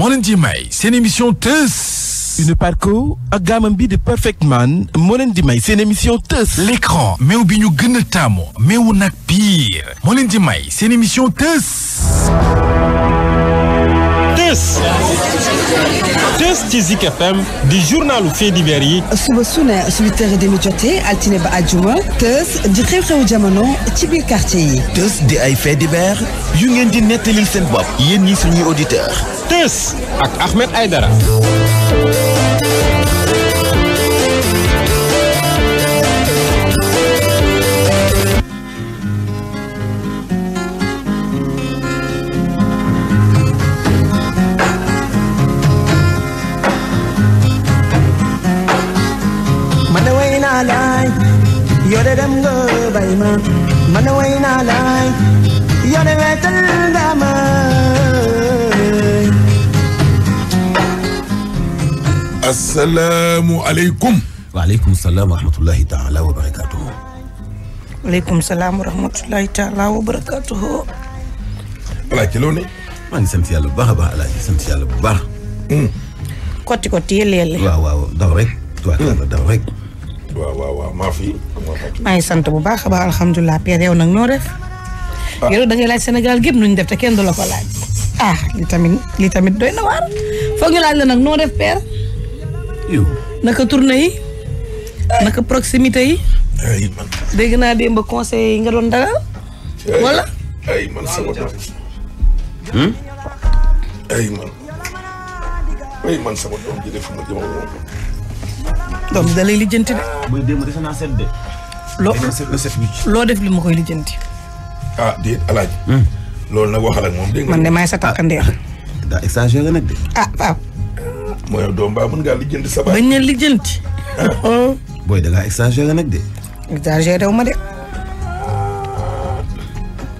moo leen ci may seen émission Teuss une parcours ak gaamam bi di Perfect Man moo leen di may seen émission Teuss l'écran meew bi ñu gën a taamu meewu nag pire moo leen di may seen émission Teuss bés Thiès ci Zik FM di journalu faits divers yi suba su ne huit heures et demi jotee altine ba àjjuma Thiès di xew-xewu jamono ci biir quartier yi Thiès di ay faits divers yu ngeen di nettalil seen bopp yéen ñi suñuy auditeurs Thiès ak Ahmed dara yow de dem nga bay ma man de wey naa laay yow de wetal nga ma asalaamualeykum. waaleykum salaam wa rahmatulahi taala wa barakaatuhu. waaleykum salaam wa rahmatulahi taala wa barakaatuhu. Alaaji ci loo ne. maa ngi sant yàlla bu baax a baax Alaaji sant yàlla bu baax. Hmm. kotti kotti yële yële. waaw waaw daw rek. tuwaat daw rek. waaw waaw maa ngi sant bu baax a baax alhamdulilah Pierre yow nag noo def. ah yow da ngay laaj Sénégal gépp nu def te kenn du la ko laaj. ah li tamit li tamit doy na waar foog ñu laaj la nag noo def Pierre. naka tournée yi. Eh. naka proximité yi. ay eh, man dégg naa démb conseil yi nga doon dalal. Eh, wala. donc da lay lijjanti de. loo loo def li ma koy lijjanti. Ah, hmm. moom dégg nga. man de maay sa takkandeer. Ah, daa exagéré nag de. ah waaw. mooy doom baa mën ngaa lijjanti sa ah. oh. nag de. exagéré ma de.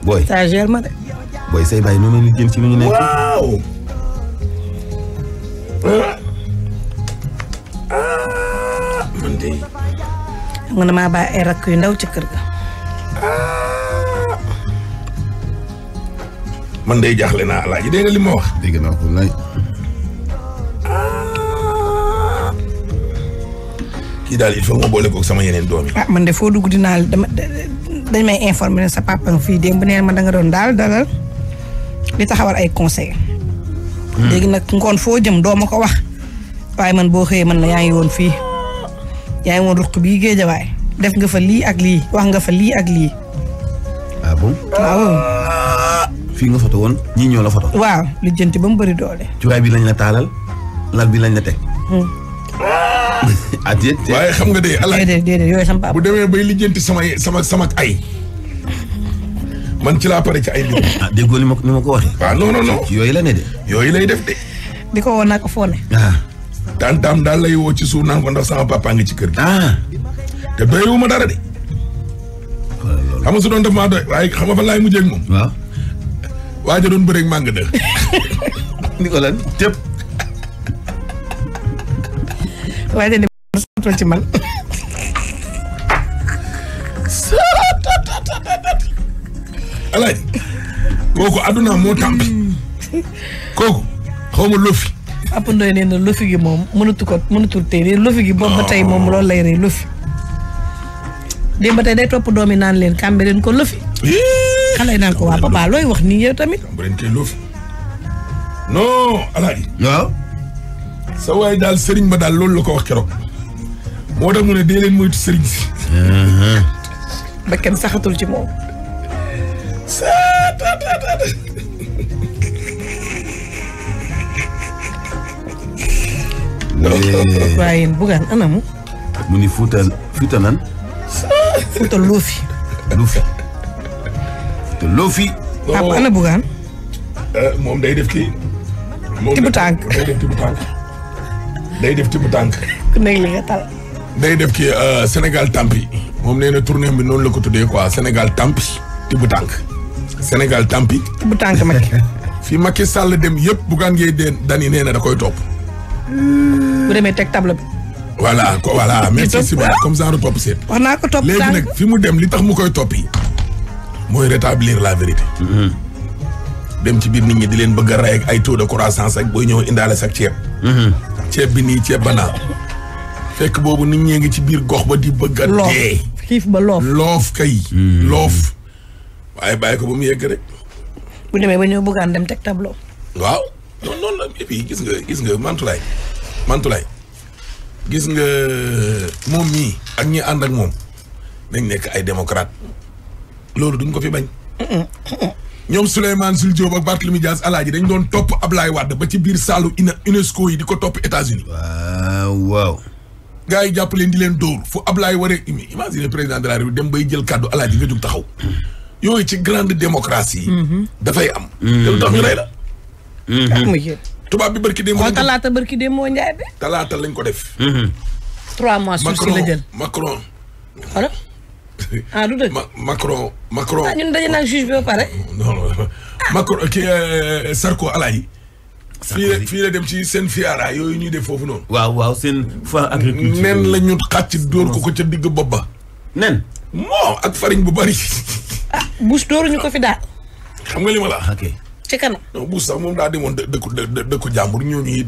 booy ma de. booy say baay noonu lijjanti waaw. diggante yi. xam ay rakk yu ndaw ci kër ah. man day jaaxle naa alaaji wax. dégg naa ko lay. Ah. kii daal il faut nga ah, man de foo dugg dinaa dama dañ may informer ne sa papa fii démb nee ma da nga doon daal dalal di taxawal ay conseil hmm. léegi nag ngoon foo jëm doo ma ko wax waaye man boo xëyee man la yaa ngi woon fii. yaa ngi woon ruq bii géejawaay def nga fa lii ak lii wax nga fa lii ak lii. ah bon. fii nga foto woon ñii ñoo la foto. waaw lu jënti ba mu bëri doole. cuuraay bi lañ la taalal lal bi lañ la teg. Hmm. Ah, waaye xam nga de. alaay déedéet déedéet yooyu sama papa. bu demee bay lijjanti sama ci ay liggéey. ah ma ko ni ma ko waxee. waaw ah, la de. def de. di ko woon naa ko fóone. Ah. tantaam daal lay woo ci suuf naan a ndax sama papa ci kër gi. Ah. te doyewu ma dara de. xam su doon def maa doy waaye xam nga fan laay mujjee ak moom. waaw. waa ja doon bëreeg màng de. ni ko lan jëpp. waaye dañu ne ci man. alaaj kooku adduna moo tàmbi kooku xaw ma loo Apou Ndoye nee na lofi gi moom mënatu ko mënatul tey lofi gi boobu ba tey moom oh. loolu lay rey lofi. démb ba tey day topp doom yi naan leen kàmbe leen ko lofi. xale yi naan ko waa papa looy wax nii yow tamit. kàmbe leen koy lofi. sa waay daal Serigne ba daal loolu la ko wax keroog. moo tax mu ne dee leen moytu Serigne si. ba kenn saxatul ci moom. waaye yéen bugaan anamu. mu ni Fouta Fouta lan. Fouta Lofi. Lofi. Fouta Lofi. Papa oh. ana bugaan. Eh, moom day def kii. tibb tànk moom day def tànk. day def tibb tànk. ku nekk li nga tal. day def kii eh, Sénégal tampi moom nee na tournée bi noonu la ko tuddee quoi Sénégal tampi tibb tànk. Sénégal tampi. tibb tànk Macky. fi Macky Sall dem yëpp bugaan ngay dee dani nee na da koy topp. bu demee teg table bi. voilà voilà merci si comme ça ru topp seet. wax naa ko topp léegi nag fi mu dem li tax mu koy toppi mooy rétablir la vérité. Mm-hmm. dem ci biir nit ñi di leen bëgg a rey ak ay taux de croissance ak booy ñëw indaale sax ceeb. Mm-hmm. ceeb bi nii ceeb ba naa. fekk boobu nit ñee ngi ci biir gox ba di bëgg a dee. xiif ba loof loof kay. Mm-hmm. loof waaye bàyyi ko ba mu yegg rek. bu demee ba ñëw bëggaan dem teg tableau. waaw. et gis nga gis nga Mantulaay Mantulaay gis nga moom mii ak ñi ànd ak moom nañ nekk ay démocrate loolu duñ ko fi bañ. ñoom Souleymane Jules Diop ak Barthélemy Dias alaaji dañ doon topp Ablaye Wade ba ci biir saalu UNESCO yi di ko topp États-Unis waaw waaw. yi jàpp leen di leen dóor fu Ablaye waree imagine président de la République dem bay jël kàddu alaaji nga jug taxaw. yooyu ci grande démocratie. Mm-hmm. dafay am. Mm-hmm. te lu tax ñu la. Mm-hmm. Ah, tubaab bi barki démb. talaata barki moo njaay bi. talaata lañ ko def. Mhm. trois mois suuf si la jël Macron Macron. ah du dëgg. Macron Macron. ah, ah. Euh, Sarko Alaay. fii la dem ci seen fiara yooyu ñuy def foofu noonu. waaw waaw seen fa agriculture. nen la ñu xàcc dóor ko ko ca digg bopp ba. nen. moo ak farine bu bari. ah bouche dóoruñu ko fi daal. xam nga li ma la. ci kanam. buus moom daa demoon dëkku ñu jàmbur ñooñu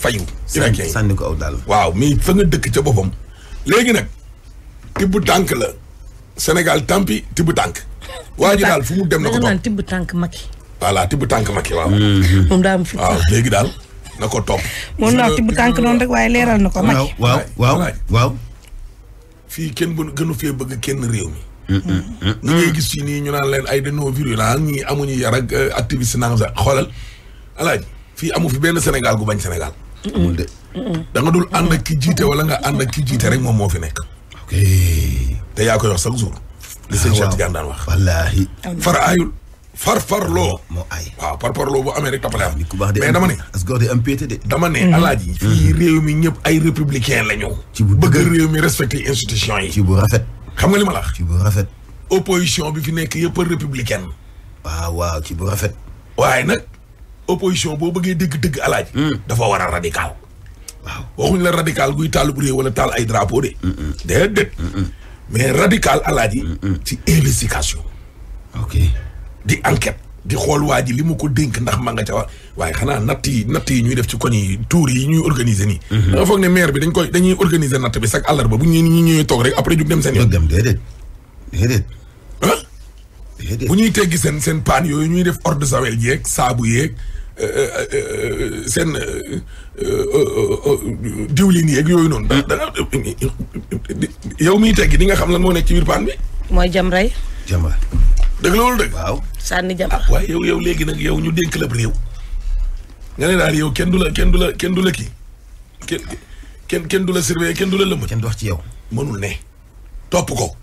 fayu. irakien sànni ko aw daal. waaw mais fa nga dëkk ca boppam. léegi nag tibb tànk la Sénégal tampi tibb tànk. waa ji mu dem na ko topp tibb tànk Macky. voilà tibb tànk Macky waaw. Mm-hmm. moom daa am fit waaw léegi daal na ko topp. moom naa tibb tànk noonu rek waaye leeral na ko Macky. waaw waaw waaw. fii kenn gënu fee bëgg kenn réew mi. ñi ngay gis ci nii ñu naan leen ay dañoo virulent ñii amuñu yar ak euh, activiste naan sax xoolal alaaj fii amu fi benn Sénégal gu bañ Sénégal. amul de. da nga dul ànd ak ki jiite wala nga ànd ak ki jiite rek moom moo fi nekk. te yaa koy wax chaque jour. li sëñ ah, Cheikh daan wax. far aayul. far far loo. waaw far far loo bu amee rek toppale am. mais dama ne. as góor di am péete de. dama ne mm-hmm. alaaji. fii mm-hmm. réew mi ñëpp ay républicain la ñu. ci bu bëgg réew mi respecté institution yi. xam nga li ma la wax. ci bu rafet. opposition bi fi nekk yëpp républicaine. waaw waaw ci bu rafet. waaye nag opposition boo bëggee dëgg-dëgg alaaj hmm. dafa war a radical. waaw waxuñ la radical guy taal bu réew wala taal ay drapeau de. Hmm, hmm. déedéet. mais radical alaaji. ci investication. ok di enquête. di xool waa ji li mu ko dénk ndax ma nga ca waa waaye xanaa natt yi natt yi ñuy def ci koñ yi tour yi ñuy organiser nii mhm. da nga foog ne maire bi dañ koy dañuy organiser natt bi chaque àllarba bu ñu ñu ñëwee toog rek après jug dem seen yoon dem déedéet déedéet ah bu ñuy teggi seen seen paan yooyu ñuy def ordre de sawel yeeg saabu yeeg euh, euh, euh, seen diwlin yeeg yooyu noonu hmm. da danga yow miy teggi di nga xam lan moo nekk ci biir paan bi mooy jam rey jàmba. dëgg la wala dëgg. waaw sànni jàmba. ah waaye yow yow léegi nag yow ñu dénk la réew. nga ne daal yow kenn du la kenn du la kenn du la kenn du la surveiller kenn du la lëmb. kenn du wax ci yow. mënul ne. topp ko.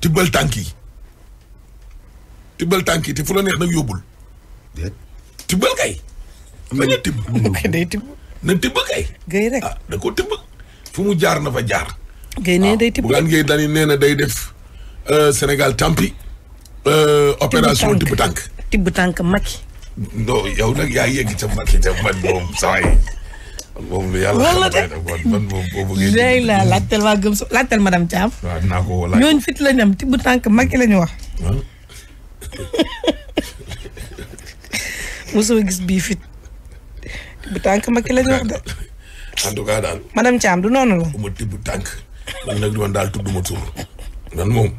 tibbal tànk yi. tibbal tànk yi te fu la neex nag yóbbul. tibbal kay. bañ a na tibb kay. gay rek ah, ko tibb. fu mu jaar na fa jaar. gay nee ah, day tibb. bu gaan gay dani nee na day def. Euh, Sénégal tampi euh, opération tibb tànk tibb tànk Macky. non yow nag yaa yegg ca Macky ca man moom saa moom lu yàlla xam ne man moom boo bëggee. léegi laa laajteel waa gëm so laajteel madame Thiam. waaw fit lañu am tibb tànk Macky lañu wax. mosoo gis bii fit tibb tànk Macky lañu wax de. en tout cas daal. madame Thiam du noonu la. ma tibb tànk man nag doon daal tudduma tur. man moom.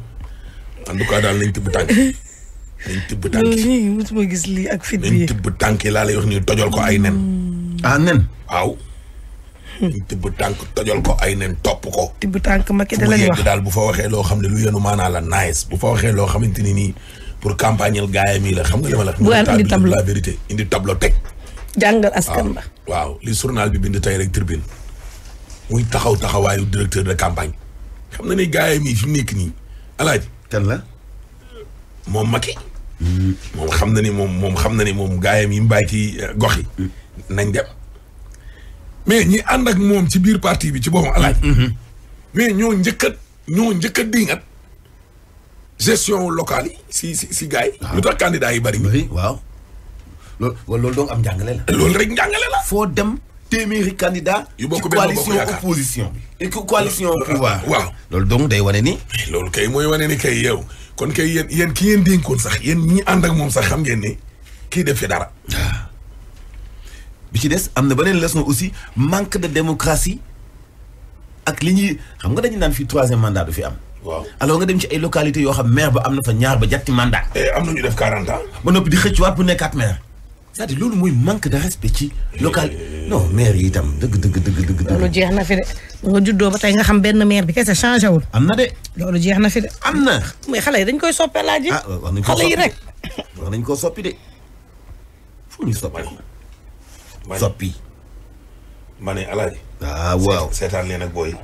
en tout cas daal nañ tibb tànk nañ tibb tànk yi mosuma gis lii ak fit bi nañ tibb tànk yi laa lay wax ni tojol ko ay nen hmm. ah nen waaw nañ tibb tànk tojol ko ay nen topp ko tibb tànk Macky da lañ wax daal bu fa waxee loo xam ne lu yenu maanaa la nice bu fa waxee loo xamante ni nii pour campagneel gaayam yi la xam nga li ma la bu indi tableau la vérité indi tableau teg jàngal askan ba waaw li journal bi bind tey rek tribune muy taxaw taxawaayu directeur de campagne xam na ni gaayam yi fi mu nekk nii alaaji kan la. moom Macky. moom xam na ni moom moom xam na ni moom gaayam yi mu bàyyi ci eh, gox yi. nañ dem mais ñi ànd ak moom ci biir partie bi ci boppam alaaj mhm. mais ñoo njëkkat ñoo njëkkat diŋat gestion locale yi si si si gars yi. Ah. lu tax candidat yi bari. waaw loolu loolu doon am njàngale la. loolu rek njàngale la. foo dem. téeméeri candidat yu bokk coalition opposition bi coalition pouvoir ah, waaw loolu donc day wane ni eh, loolu kay mooy wane ni kay yow kon kay yéen yéen ki ngeen dénkoon sax yéen ñi ànd ak moom sax xam ngeen ni kii def fi dara ah. bi ci des am na beneen leçon aussi manque de démocratie ak li ñuy xam nga dañu naan fii troisième mandat du fi am waaw alors nga dem ci ay localité yoo xam maire ba am na fa ñaar ba jatti mandat eh, am na ñu def 40 ans ba noppi di xëccuwaat bu nekkaat maire c'est-à-dire loolu mooy manque de respect ci local non maire yi itam dëgg dëgg dëgg dëgg. loolu jeex na fi de nga juddoo ba tey nga xam benn maire bi kese changé wul. am na de. loolu jeex na fi de. am na. mais xale yi dañ koy soppe laaj yi. ah wax nañ ko xale yi rek. wax nañ ko soppi de fu ñu soppi. soppi. ma ne alaaji. ah waaw seetaan leen ak booy.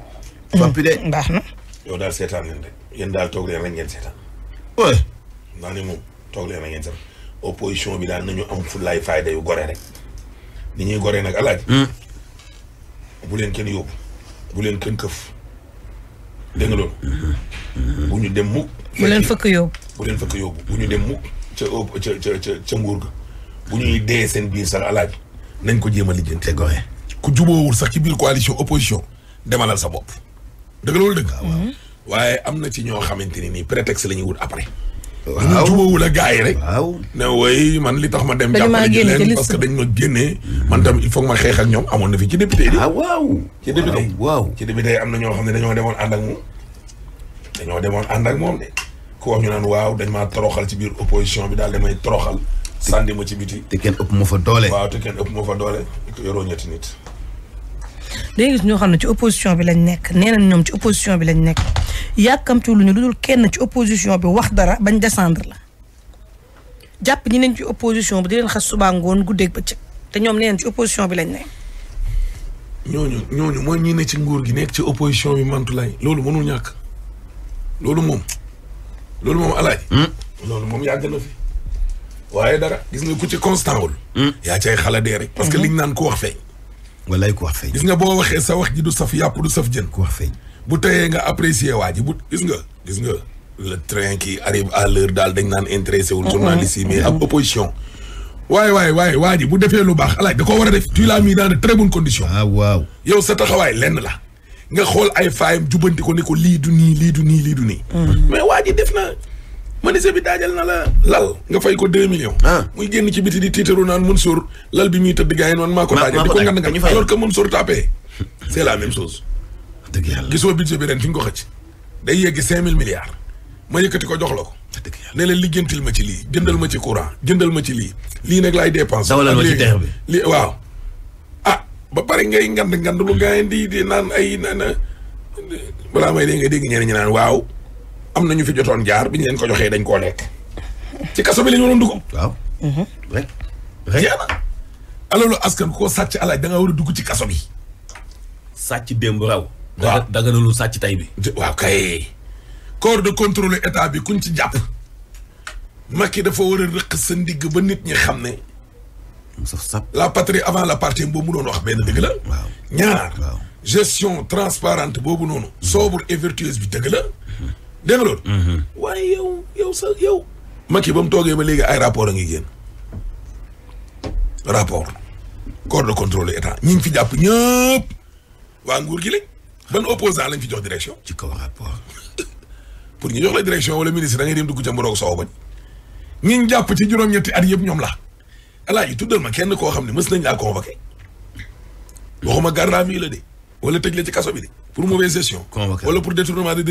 soppi de. baax na. yow daal seetaan leen rek yéen daal toog leen rek ngeen seetaan. oui. naa ne moom toog leen rek ngeen seetaan. opposition bi daal nañu am fullaay fayda yu gore rek ni ñuy gore nag alaaj hmm. bu leen kenn yóbbu bu leen kenn këf dégg loolu hmm. bu ñu dem mukk bu leen fëkk yóbbu bu leen fëkk yóbbu bu ñu dem mukk ca ca ca ca nguur ga bu ñuy dee seen biir sax alaaj nañ ko jéem a lijjanti gore ku juboowul sax ci biir coalition opposition demalal sa bopp dëgg loolu dëgg hmm. waaye am na ci ñoo xamante ni nii prétexte la ñuy wut après waaw jubóowul ak gaa yi rek. waaw ne wooy man li tax ma dem. jàppale ji leen parce que dañ ma génne man tam il faut ma xeex ak ñoom amoon na fi ci député yi. ah waaw ci député waaw ci député yi am na ñoo xam ne dañoo demoon ànd ak moom. dañoo demoon ànd ak moom de ku wax ñu naan waaw dañ maa toroxal ci biir opposition bi daal damay toroxal. sànni ma ci biti. te kenn ëpp ma fa doole. waaw te kenn ëpp ma fa doole. yoroo ñetti nit. léegi ñoo xam ne ci opposition bi lañ nekk nee ñoom ci opposition bi lañ nekk yàkkamtu lu ñu lu dul kenn ci opposition bi wax dara bañ descendre la jàpp ñi neen ci opposition bi di leen xas subaa ngoon guddeeg bëccëg te ñoom nee ci opposition bi lañ nekk. ñooñu ñooñu mooy ñi ci nguur gi nekk ci opposition bi Mantoulaye loolu mënul ñàkk loolu moom loolu moom hmm. loolu moom yàgg na fi waaye dara gis nga ku ci constant wul. Hmm. yaa cay xala dee rek. parce que hmm. liñ naan ku wax feeñ. walaay ku wax feeñ. gis nga boo waxee sa wax ji du saf yàpp du saf jën. ku wax feeñ. bu teyee nga apprécier waa ji bu gis nga gis nga. la train qui arrive à l'heure daal dañ naan intéressé wul journaliste yi mais ak opposition waaye waaye waay waa bu defee lu baax alaaj da war a def tu l'as mis dans de très bonnes conditions ah waaw yow sa taxawaay lenn la nga xool ay faayam jubanti ko ni ko lii du nii lii du nii lii du nii mm-hmm. mais waa ji def na menuisier bi daajal na la lal nga fay ko deux millions ah. muy génn ci biti di tiitaru naan Mansour lal bi muy tëdd gars yi noonu maa ko daajal di ko ngand ngand alors que la même chose dëgg bi ren fi nga ko xëcc day yeggi cinq mille milliards ma yëkkati ko jox la ko ne leen liggéentil ma ci lii jëndal ma ci courant jëndal ma ci lii lii nag laay dépense bi lii waaw ah ba pare ngay ngand ngand lu gars yi di di naan ay naan balaa may dee ngay dégg ñeneen ñi naan waaw am na ñu fi jotoon jaar bi ñu leen ko joxee dañ koo lekk ci kaso bi lañu ñu waroon dugg. waaw. Mhm. rek rek jeex na askan koo sàcc alaaj da nga war a dugg ci kaso bi. sàcc démb raw. waaw daga sàcc tay bi. waaw kay. corps de contrôle état bi kuñ ci jàpp. Macky dafa war a rëq sa ndigg ba nit ñi xam ne. la patrie avant la partie boobu mu doon wax benn dëgg la. waaw ñaar. gestion transparente boobu noonu. Mhm. sobre et vertueuse bi dëgg la. Mhm. dégg nga loolu. Mhm. waaye yow yow sa yow. Macky ba mu toogee ba léegi ay rapport a ngi génn rapport corps de contrôle état ñi ngi fi jàpp ñëpp waa nguur gi lañ ban a lañ fi jox direction. ci kaw rapport. pour ñu jox la direction wala ministre da dem dugg ca Mburok Sow bañ ñi jàpp ci juróom-ñetti at yëpp ñoom la alaaji tuddal ma kenn koo xam ne mës nañ laa convoqué waxuma garde à vue la de wala tëj la ci kaso bi de pour mauvaise gestion. wala pour détournement de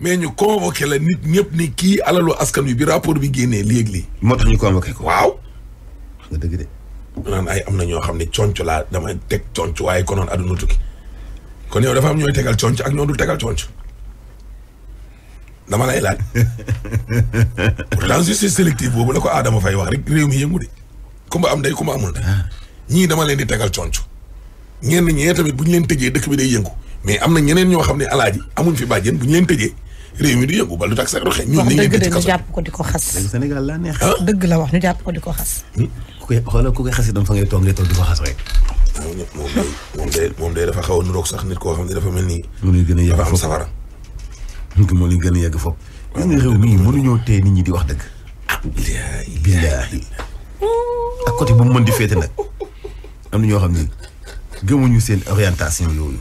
mais ñu convoqué la nit ñëpp ni kii alalu askan wi bi rapport bi génnee léegi lii. moo tax ñu convoqué ko. waaw. a nga dëgg de. naan ay am na ñoo xam ne conco laa damay teg conco waaye konoon aduna tukki kon yow dafa am ñooy tegal conco ak ñoo dul tegal conco dama lay laaj. pourtant justice sélective boobu la ko Adama fay wax rek réew mi yëngu de. kumba am day kumba amul de. Ah. ñii dama leen di tegal conco. ñenn ñee tamit bu ñu leen tëjee dëkk bi day yëngu mais am na ñeneen ñoo xam ne alaaji amuñ fi bàjjen bu ñu leen réew mi di yëngu ba lu tax sax roxe ñun ñu ngi ci kaso jàpp ko di ko xas dëgg la wax ñu jàpp ko di ko xas hmm? ku koy xoolal ku koy xas fa ngay toog ngay toog di ko xas rek moom day moom xaw a nuroog sax nit koo xam ne dafa mel ni moo lay gën a yegg am safara moo lay gën a yegg foofu gis nga réew mii mënuñoo tee nit ñi di wax dëgg billaahi billaahi ak côté bu mën di féete nag am na ñoo xam ne gëmuñu seen orientation yooyu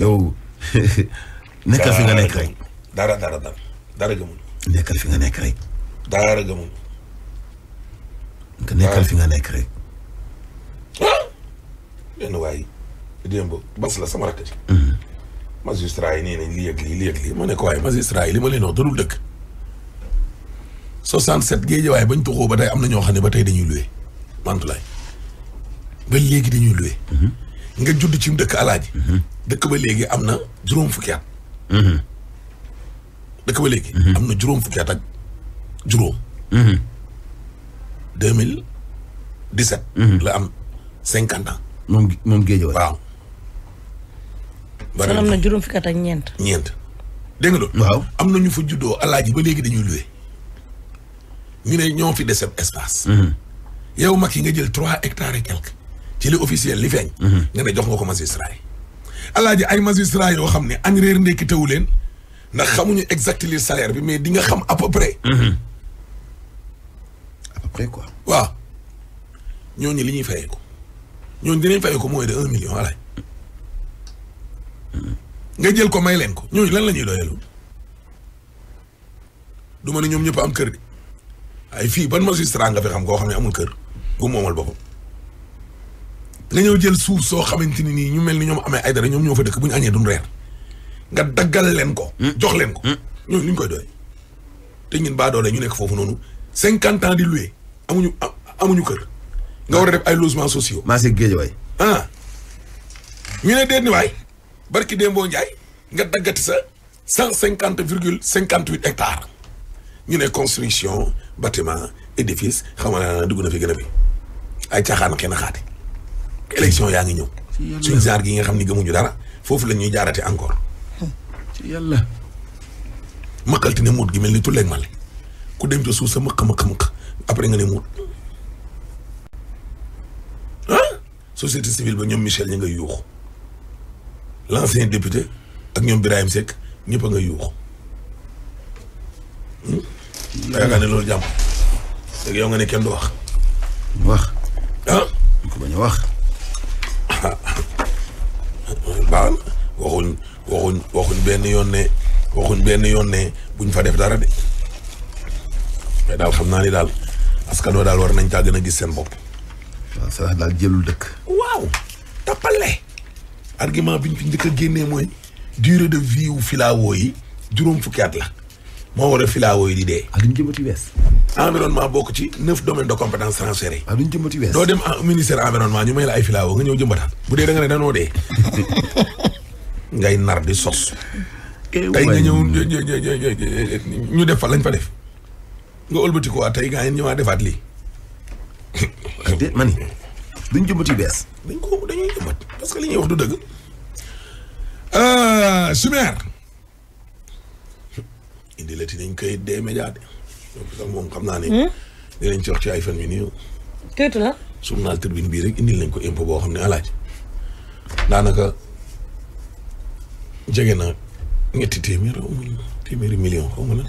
yow nekkal fi nga nekk rek dara dara dara dara gëmul. nekkal fi nga nekk rek. dara gëmul. nekkal fi nga nekk rek. ah. benn waay démb bas la sama rakk ji. Mm-hmm. magistrat yi nee nañ li yëg lii li yëg lii ma ne waaye magistrat yi li ma leen wax dul dëkk. 67 géej waaye bañ tuxoo ba tey am na ñoo xam ne ba tey dañuy luwe Mantoulaye ba léegi dañuy luwe. Mm-hmm. nga judd ci dëkk alaaji mm-hmm. dëkk ba léegi am na juróom fukki at. dëkk ba léegi. Mhm. am na juróom fukki at ak juróom. Mhm. deux mille dix sept. Mhm. la am cinquante ans. moom moom géej waaw. bari am na juróom fukki at ak ñeent. ñeent dégg waaw am na ñu fa juddoo alaaji ba léegi dañuy luwe. ñu ne ñoo fi dese espace. yow mag yi nga jël trois hectares et quelques. ci li officiel li feeñ. nga ne jox nga ko magistrat yi. alaaji ay magistrat yoo xam ne añ réer ndekki leen. ndax xamuñu exactement salaire bi mais di nga xam à peu près. Mhm. à peu quoi. waaw ñooñu li ñuy fayee ko ñooñu dinañ fayee ko mooy de un million walaay. nga jël ko may leen ko ñooñu lan la ñuy doyalu du ma ne ñoom ñëpp am kër gi ay fii ban magistrat nga fi xam koo xam ne amul kër gu moomal boppam nga ñëw jël suuf soo xamante ni nii ñu mel ni ñoom amee ay dara ñoom ñoo fa dëkk bu añee duñ reer. nga daggal leen ko. Hmm. jox leen ko. ñooñu hmm. ñu koy doy. te ñun baa doole ñu nekk foofu noonu cinquante ans di loué amuñu amuñu kër. nga war a def ay logements sociaux. maa si géej waay. ah ñu ne déet ni waay barki Dembo nga daggati sa cent cinquante virgule cinquante huit hectares. ñu ne construction bâtiment édifice xam nga dugg na fi gën a fi ay caaxaan xëy na xaati. élection yaa ngi ñëw. suñu jaar gi nga xam ni gëmuñu dara foofu la ñuy jaarate encore. ci yàlla mëkkal ti ne muut gi mel ni tulleeg male ku dem ci suuf sa mëkk mëkk mëkk après nga ne muut ah société civile ba ñoom Michel ñu nga yuux l'ancien député ak ñoom Birahim Seck ñëpp a nga yuux hmm? nga loolu jàmm yow nga ne kenn du wax wax ah ko bañ a wax baax benn yoon ne waxuñ benn yoon ne buñ fa def dara de mais daal xam naa ni daal askan wa daal war nañ caa gën a gis seen bopp. waaw sax daal jëlul dëkk. waaw tappale argument biñ fi njëkk a génnee mooy durée de vie wu filawoo yi juróom fukki at la moo war a filawoo yi di dee. ah duñ bokk ci neuf domaines de compétence transférés. ah duñ jëmati wees. doo dem ministère environnement ñu may la ay filawoo nga ñëw jëmbataan bu dee da ne danoo dee. ngay nar di sos. Eh, tey nga ñëw ñu def fa lañ fa def. nga ëlbati ko tey gaa yéen ñëwaat defaat lii. de man duñ jëmbat yu bees. dañ ko dañuy jëmbat parce que li ñuy wax du dëgg. Ah, Sumer. indi la ti koy de. donc moom xam naa ne. Hmm? dinañ ci ci ay fan yu nii. këyit la. journal bii rek indil nañ ko impôt boo xam ne alaaj daanaka. jege na ñetti téeméer xaw ma téeméeri million xaw ma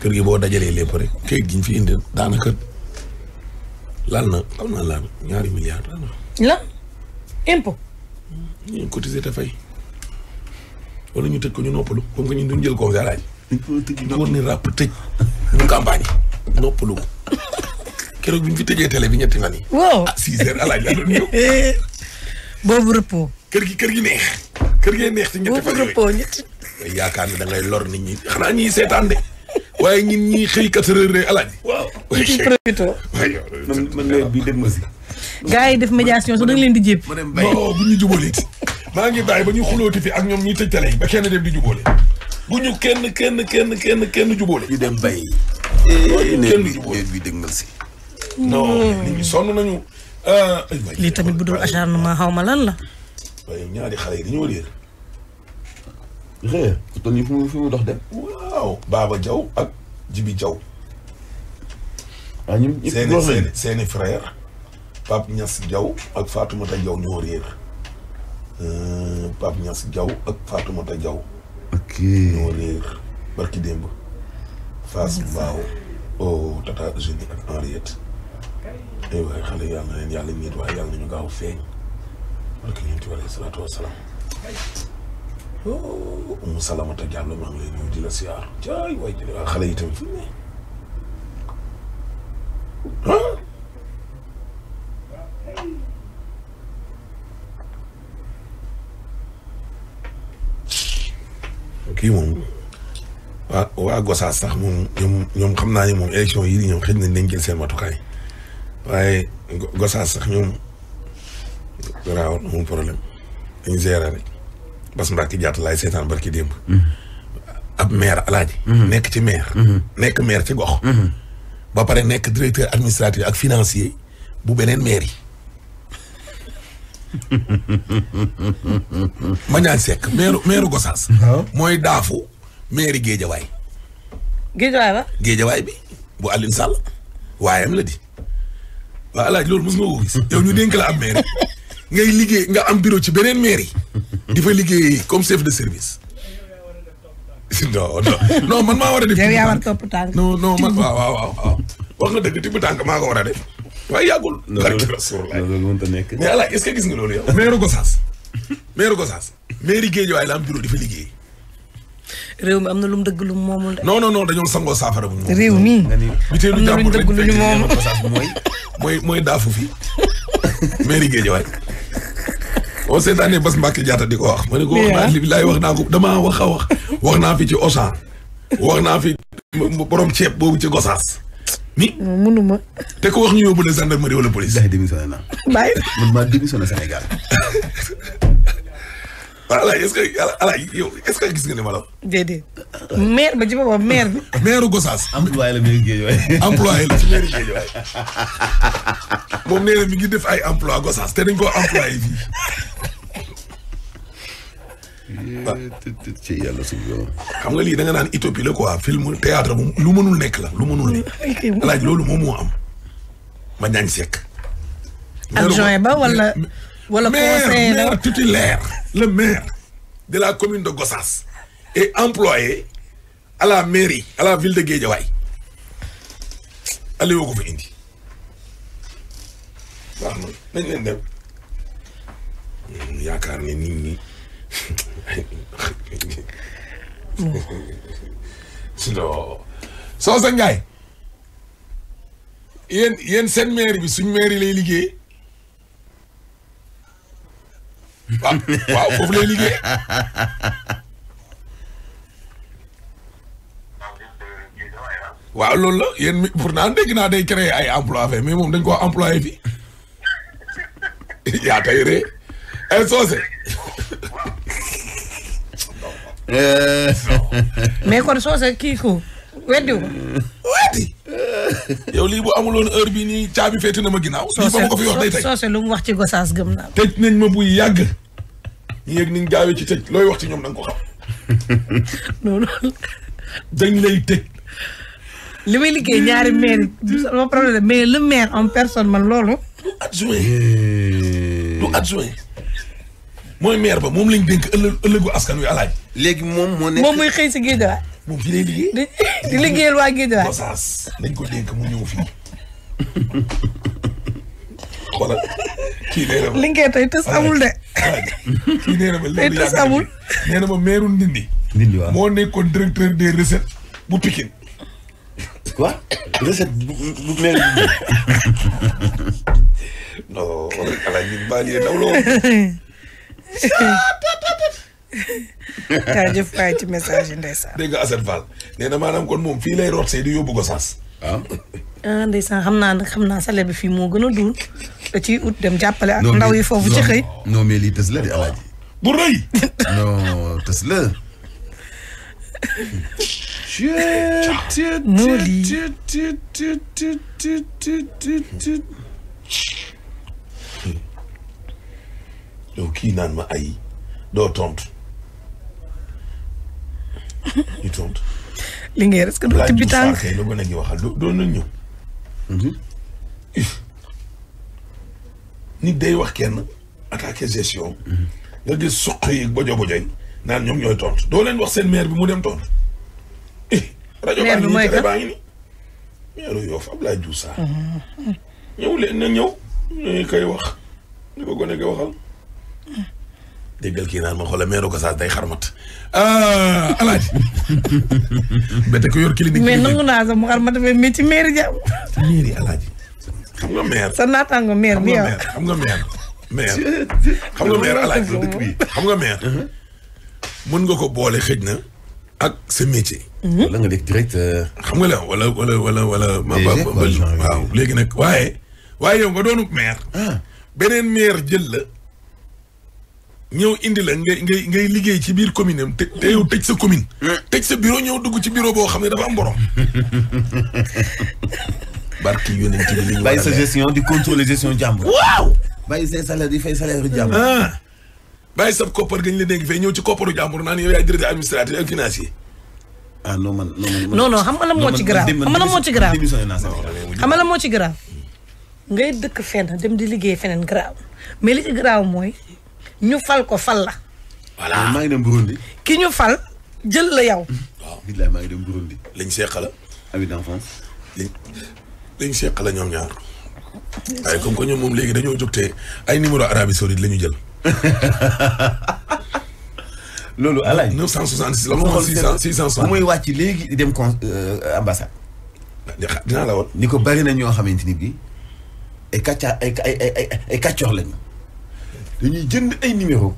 kër gi boo dajalee lépp rek kayit gi ñu fi indi daanaka laal na xam naa laal ñaari milliards laal na. la impôt. ñu cotiser te fay wala ñu tëj ko ñu noppalu comme que ñun jël ko garaaj. dañ ko tëj ñu war ne fi tëjee télé bi ñetti fan yi. Ah, eh, kër gi kër gi neex. kër gee neex ci ñetti fan yooyu boo ñetti. yaakaar ne da nit ñi xanaa ñiy seetaan de waaye ñun ñii xëy quatre heures de alaaji. waaw ñu ciy profité. man man nawet bii dem ma si. gars yi def médiation so da nga leen di jépp. non bu ñu jubóolee maa ngi bàyyi ba ñu xulooti fi ak ñoom ñuy tëj tale ba kenn dem di jubóole. bu ñu kenn kenn kenn kenn kenn jubóole. ñu dem bay. Eh, kenn jubóole nawet bi dégg ma si. non ñi sonn nañu. Euh, lii tamit bu dul acharnement xaw ma lan la. waaye ñaari xale yi dañoo réer. réer ku nii fu mu fu mu dox dem. waaw Baba Diaw ak Jibi jaw ah seeni seeni frère Pape Niass Diaw ak Fatoumata Diaw ñoo réer. Euh, Pape Niass ak Fatoumata Diaw. ok ñoo réer barki démb. Fass Mbao oh Tata Eugénie ak Henriette. ay eh waay xale yàlla na leen yàlla ñeent waaye yàlla nañu gaaw feeñ. barke yonent bi alayhi salaatu wasalaam oh, Umu Salamata Diallo maa ngi lay nuyu siyaar jaay waay jële waa xale yi tamit fi kii moom waa waa Gosaas sax moom ñoom xam naa ne moom élection yii di ñoom xëy na dañ jël seen matukaay waaye Gosaas sax ñoom garaawal amul problème dañ gérer rek bas Mbacke Diatta laay seetaan barki démb. ab maire alaaji mhm. nekk ci maire. Mhm. nekk maire ci gox. Mhm. ba pare nekk directeur administratif ak financier bu beneen maire yi. ma ñaan sekk maire Gosaas. mooy daafu maire Géejawaay. Géejawaay ba. bi bu Alioune Sall waayam la di. waa alaaji loolu mos nga ko gis yow ñu dénk la ab maire. ngay liggéey nga am bureau ci beneen mairie. di fa liggéey comme chef de service. non non man maa war a def. yow yaa war topp tànk non non man waaw waaw waaw nga dëgg tibb ko war a def waaye mais allah est-ce que di fa liggéey. am na lu mu dëgg lu mu moomul de. saafara bu ñu moom. réew mi am na lu mooy mooy fi mairie Guédiawaye o seetaanee Bass Mbacke Diatta di ko wax. ma ne ko wax naa li laay wax naa ko damaa wax a wax. wax naa fi ci Auchan. wax naa fi borom ceeb boobu ci Gosaas. mi munuma. te ko wax ñu yóbbu la gendarmerie wala police. ndax démissionné naa. bàyyi man maa démissionné Sénégal. waaw alaaj est-ce ce que gis nga ni ma la. déedéet. maire ba ci boppam maire bi. maire Gosaas. employé la mairie Guédiawaye. employé la ci mairie Guédiawaye moom nee na ngi def ay emploi Gosaas te dañ koo employé fii. Eh, ci yàlla suñu xam nga lii da nga naan utopie la quoi film théâtre lu mënul nekk la lu mënul nekk. alaaj loolu moom moo am. ma ñaañ sekk. adjoint ba wala. wala conseiller la maire le de la commune de Gossas est employé à la mairie à la ville de Guédiawaye Aliou ko fi indi waaw man nañ leen dem yaakaar ne nit ñi non Socé Ndiaye yéen yéen seen mairie bi suñ mairie lay liggéey. waaw waaw foofu lay liggéey. waaw loolu la yéen pourtant dégg naa day créer ay emploi fe mais moom dañ koo employé fi yaa kay ree soose mais kon soose kii ko weddi ko weddi yow lii bu amuloon heure bi nii caabi féete na ma ginnaaw lii ba ma soose lu mu wax ci gosaas gëm naa tëj nañ ma buy yàgg ñu yëg ni ñu gaawee ci tëj looy wax ci ñoom na nga ko xam. non non. dañ lay tëj. li may liggéey ñaari maire du sama problème mais le maire en personne man loolu. du adjoint du adjoint mooy maire ba moom lañ dénk ëllë ëllëgu askan wi alaaj léegi moom moo nekk moom muy xëy si Guédiawaye. moom fi lay liggéey. di liggéeyal waa Guédiawaye. Gosaas dañ ko dénk mu ñëw fii. xoolal kii nee na ma. li ngeen tey tës amul de. kii nee na ma léegi tës amul. moo nekkoon directeur des recettes bu Pikine. quoi recette ci message yi ndeysaan. dégg nga Assane Fall nee na maanaam kon moom fii lay root see di yóbbu saas. Ah. ah ndeysaan xam naa nag xam naa bi fii moo gën a duur. da ciy dem jàppale ak ndaw yi foofu ci xëy. non mais lii tës la di alaaji. bu rëy. non tës la. moo lii. yow kii naan ma ay doo tontu. ñu tontu. li ngeen est-ce que du tibbi tànk laaj bi waxal doo nañ ñëw. Mhm. nit day wax kenn attaqué gestion. Mm-hmm. nga gis suq yi bojo bojoy naan ñoom ñooy tontu doo leen wax seen maire bi mu dem tontu. Eh, rajo baa ngi nii télé baa ngi nii. maire Yoff Abdoulaye Diouf Sarr. Mm-hmm. ñëw leen na ñëw ñu koy wax ñu ko gone gi waxal. déggal kii naan ma xoola meeru Gossas day xarmat aa ah, alaaji. bete ko yor clinique. mais nangu naa sax mu xarmat mais ci mairie ja. ci mairie xam nga maire sa naataango maire bi yow xam nga maire maire xam nga maire alaaj la dëkk bi xam nga maire uh-huh. mën nga ko boole xëj na ak sa métier uh-huh. wala nga xam nga la wala wala wala wala waaw léegi nag waaye waaye yow nga doonu maire ah. beneen maire jël la ñëw indi la ngay liggéey ci biir commune am te yow tëj sa commune uh-huh. tëj sa bureau ñëw dugg ci bureau boo xam ne dafa am barki yónneent bi li ñu war a bàyyi sa gestion di contrôler gestion jàmbur. waaw bàyyi say salaire di fay salaire jàmbur. Ah! bàyyi sa koppar gañ la dégg fay ñëw ci kopparu jàmbur naan yow yaay directeur administratif ak financier. Ah, non non non xam nga la moo ci grave xam nga la moo ci grave nga la moo ci grave ngay dëkk fenn dem di liggéey feneen grave mais li ci grave mooy ñu fal ko fal la. voilà ah, maa ngi dem Burundi. ki ñu fal jël la yow. waaw bilaay maa ngi dem Burundi. lañ see xala. ami d'enfance. dañ seq la ñoom ñaar. waaye comme que moom léegi dañoo jóg te ay numéro Arabie Saoudite la ñu jël. loolu alaay. 966 la moom 600 660. muy wàcc léegi di dem con euh, ambassade. dinaa la woon. ni ko bari na ñoo xamante ni bii ay kàcca ay ay ay ay kàccoor lañu dañuy jënd ay numéro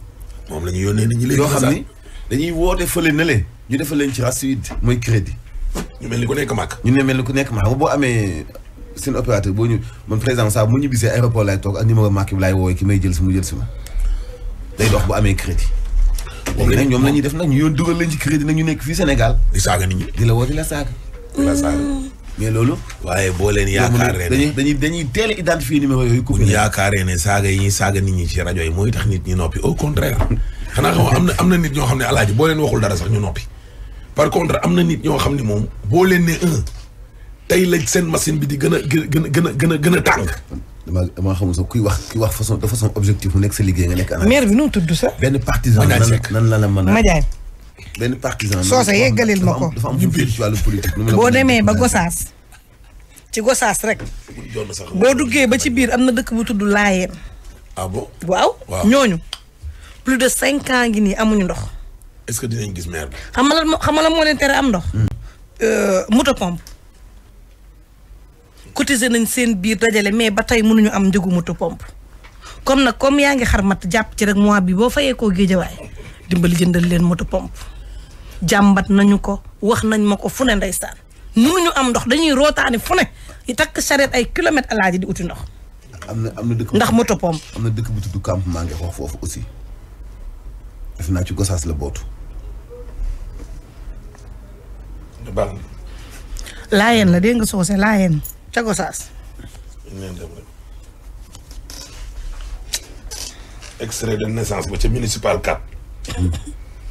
moom la ñu yónnee nit ñi léegi. yoo xam dañuy woote fële na leen ñu defal leen ci rasuid mooy crédit. ñu mel ni ku nekk màkk. ñu ne mel ni ku nekk màkk boo amee seen opérateur boo ñu man président saa mu ñibbisee aéroport laay toog ak numéro marqué bi laay woowee ki may jël si mu jël si ma day dox bu amee crédit. léegi nag ñoom la ñuy def nag ñu yoon dugal leen ci crédit nag ñu nekk fii Sénégal. di saaga nit ñi di la woo di la saaga. di la saaga. Mm. mais loolu. waaye boo leen yaakaaree ne dañuy dañuy teel a identifier numéro yooyu. coupé bu ñu yaakaaree ne saaga yi ñuy saaga nit ñi ci rajo yi mooy tax nit ñi noppi au contraire. xanaa xam na am na nit ñoo xam ne alaaji boo leen waxul dara ñu noppi par contre am na nit ñoo xam ne moom boo leen ne tey lañ seen machine bi di gën a gën a gën a gën a gën a tàng. damaa damaa xamul sax kuy wax kuy wax façon de façon objectif mu sa liggéey nga nekk. ANACIM maire bi nu mu tudd sax. benn partisan nan la la mën a. Madiagne. benn partisan. soo sa yeggalil ma ko dafa am ci wàllu politique. boo demee ba Gosaas. ci Gosaas rek. boo duggee ba ci biir am na dëkk bu tudd Laayeen. ah bon waaw. ñooñu. plus de cinq ans ngi nii amuñu ndox. est que dinañ gis maire bi. xam nga lan moo xam nga lan moo leen tere am ndox. Hmm. Euh, moto pompe. cotiser nañ seen biir dajale mais ba tey mënuñu am njëgu moto pompe comme nag comme yaa ngi xar mat jàpp ci rek mois bi boo fayee koo géejawaay dimbali jëndal leen moto pompe jàmbat nañu ko wax nañ ma ko fu ne ndeysaan mënuñu am ndox dañuy rootaani fu ne yi takk charette ay kilomètres alaaji di uti ndox. am na am na dëkk ndax moto pompe. am na dëkk bu tudd campement nga wax foofu aussi def naa ci gosaas la bootu. laayeen la dégg nga soose laayeen. ca Gosaas. extrait de naissance ba ca municipal 4.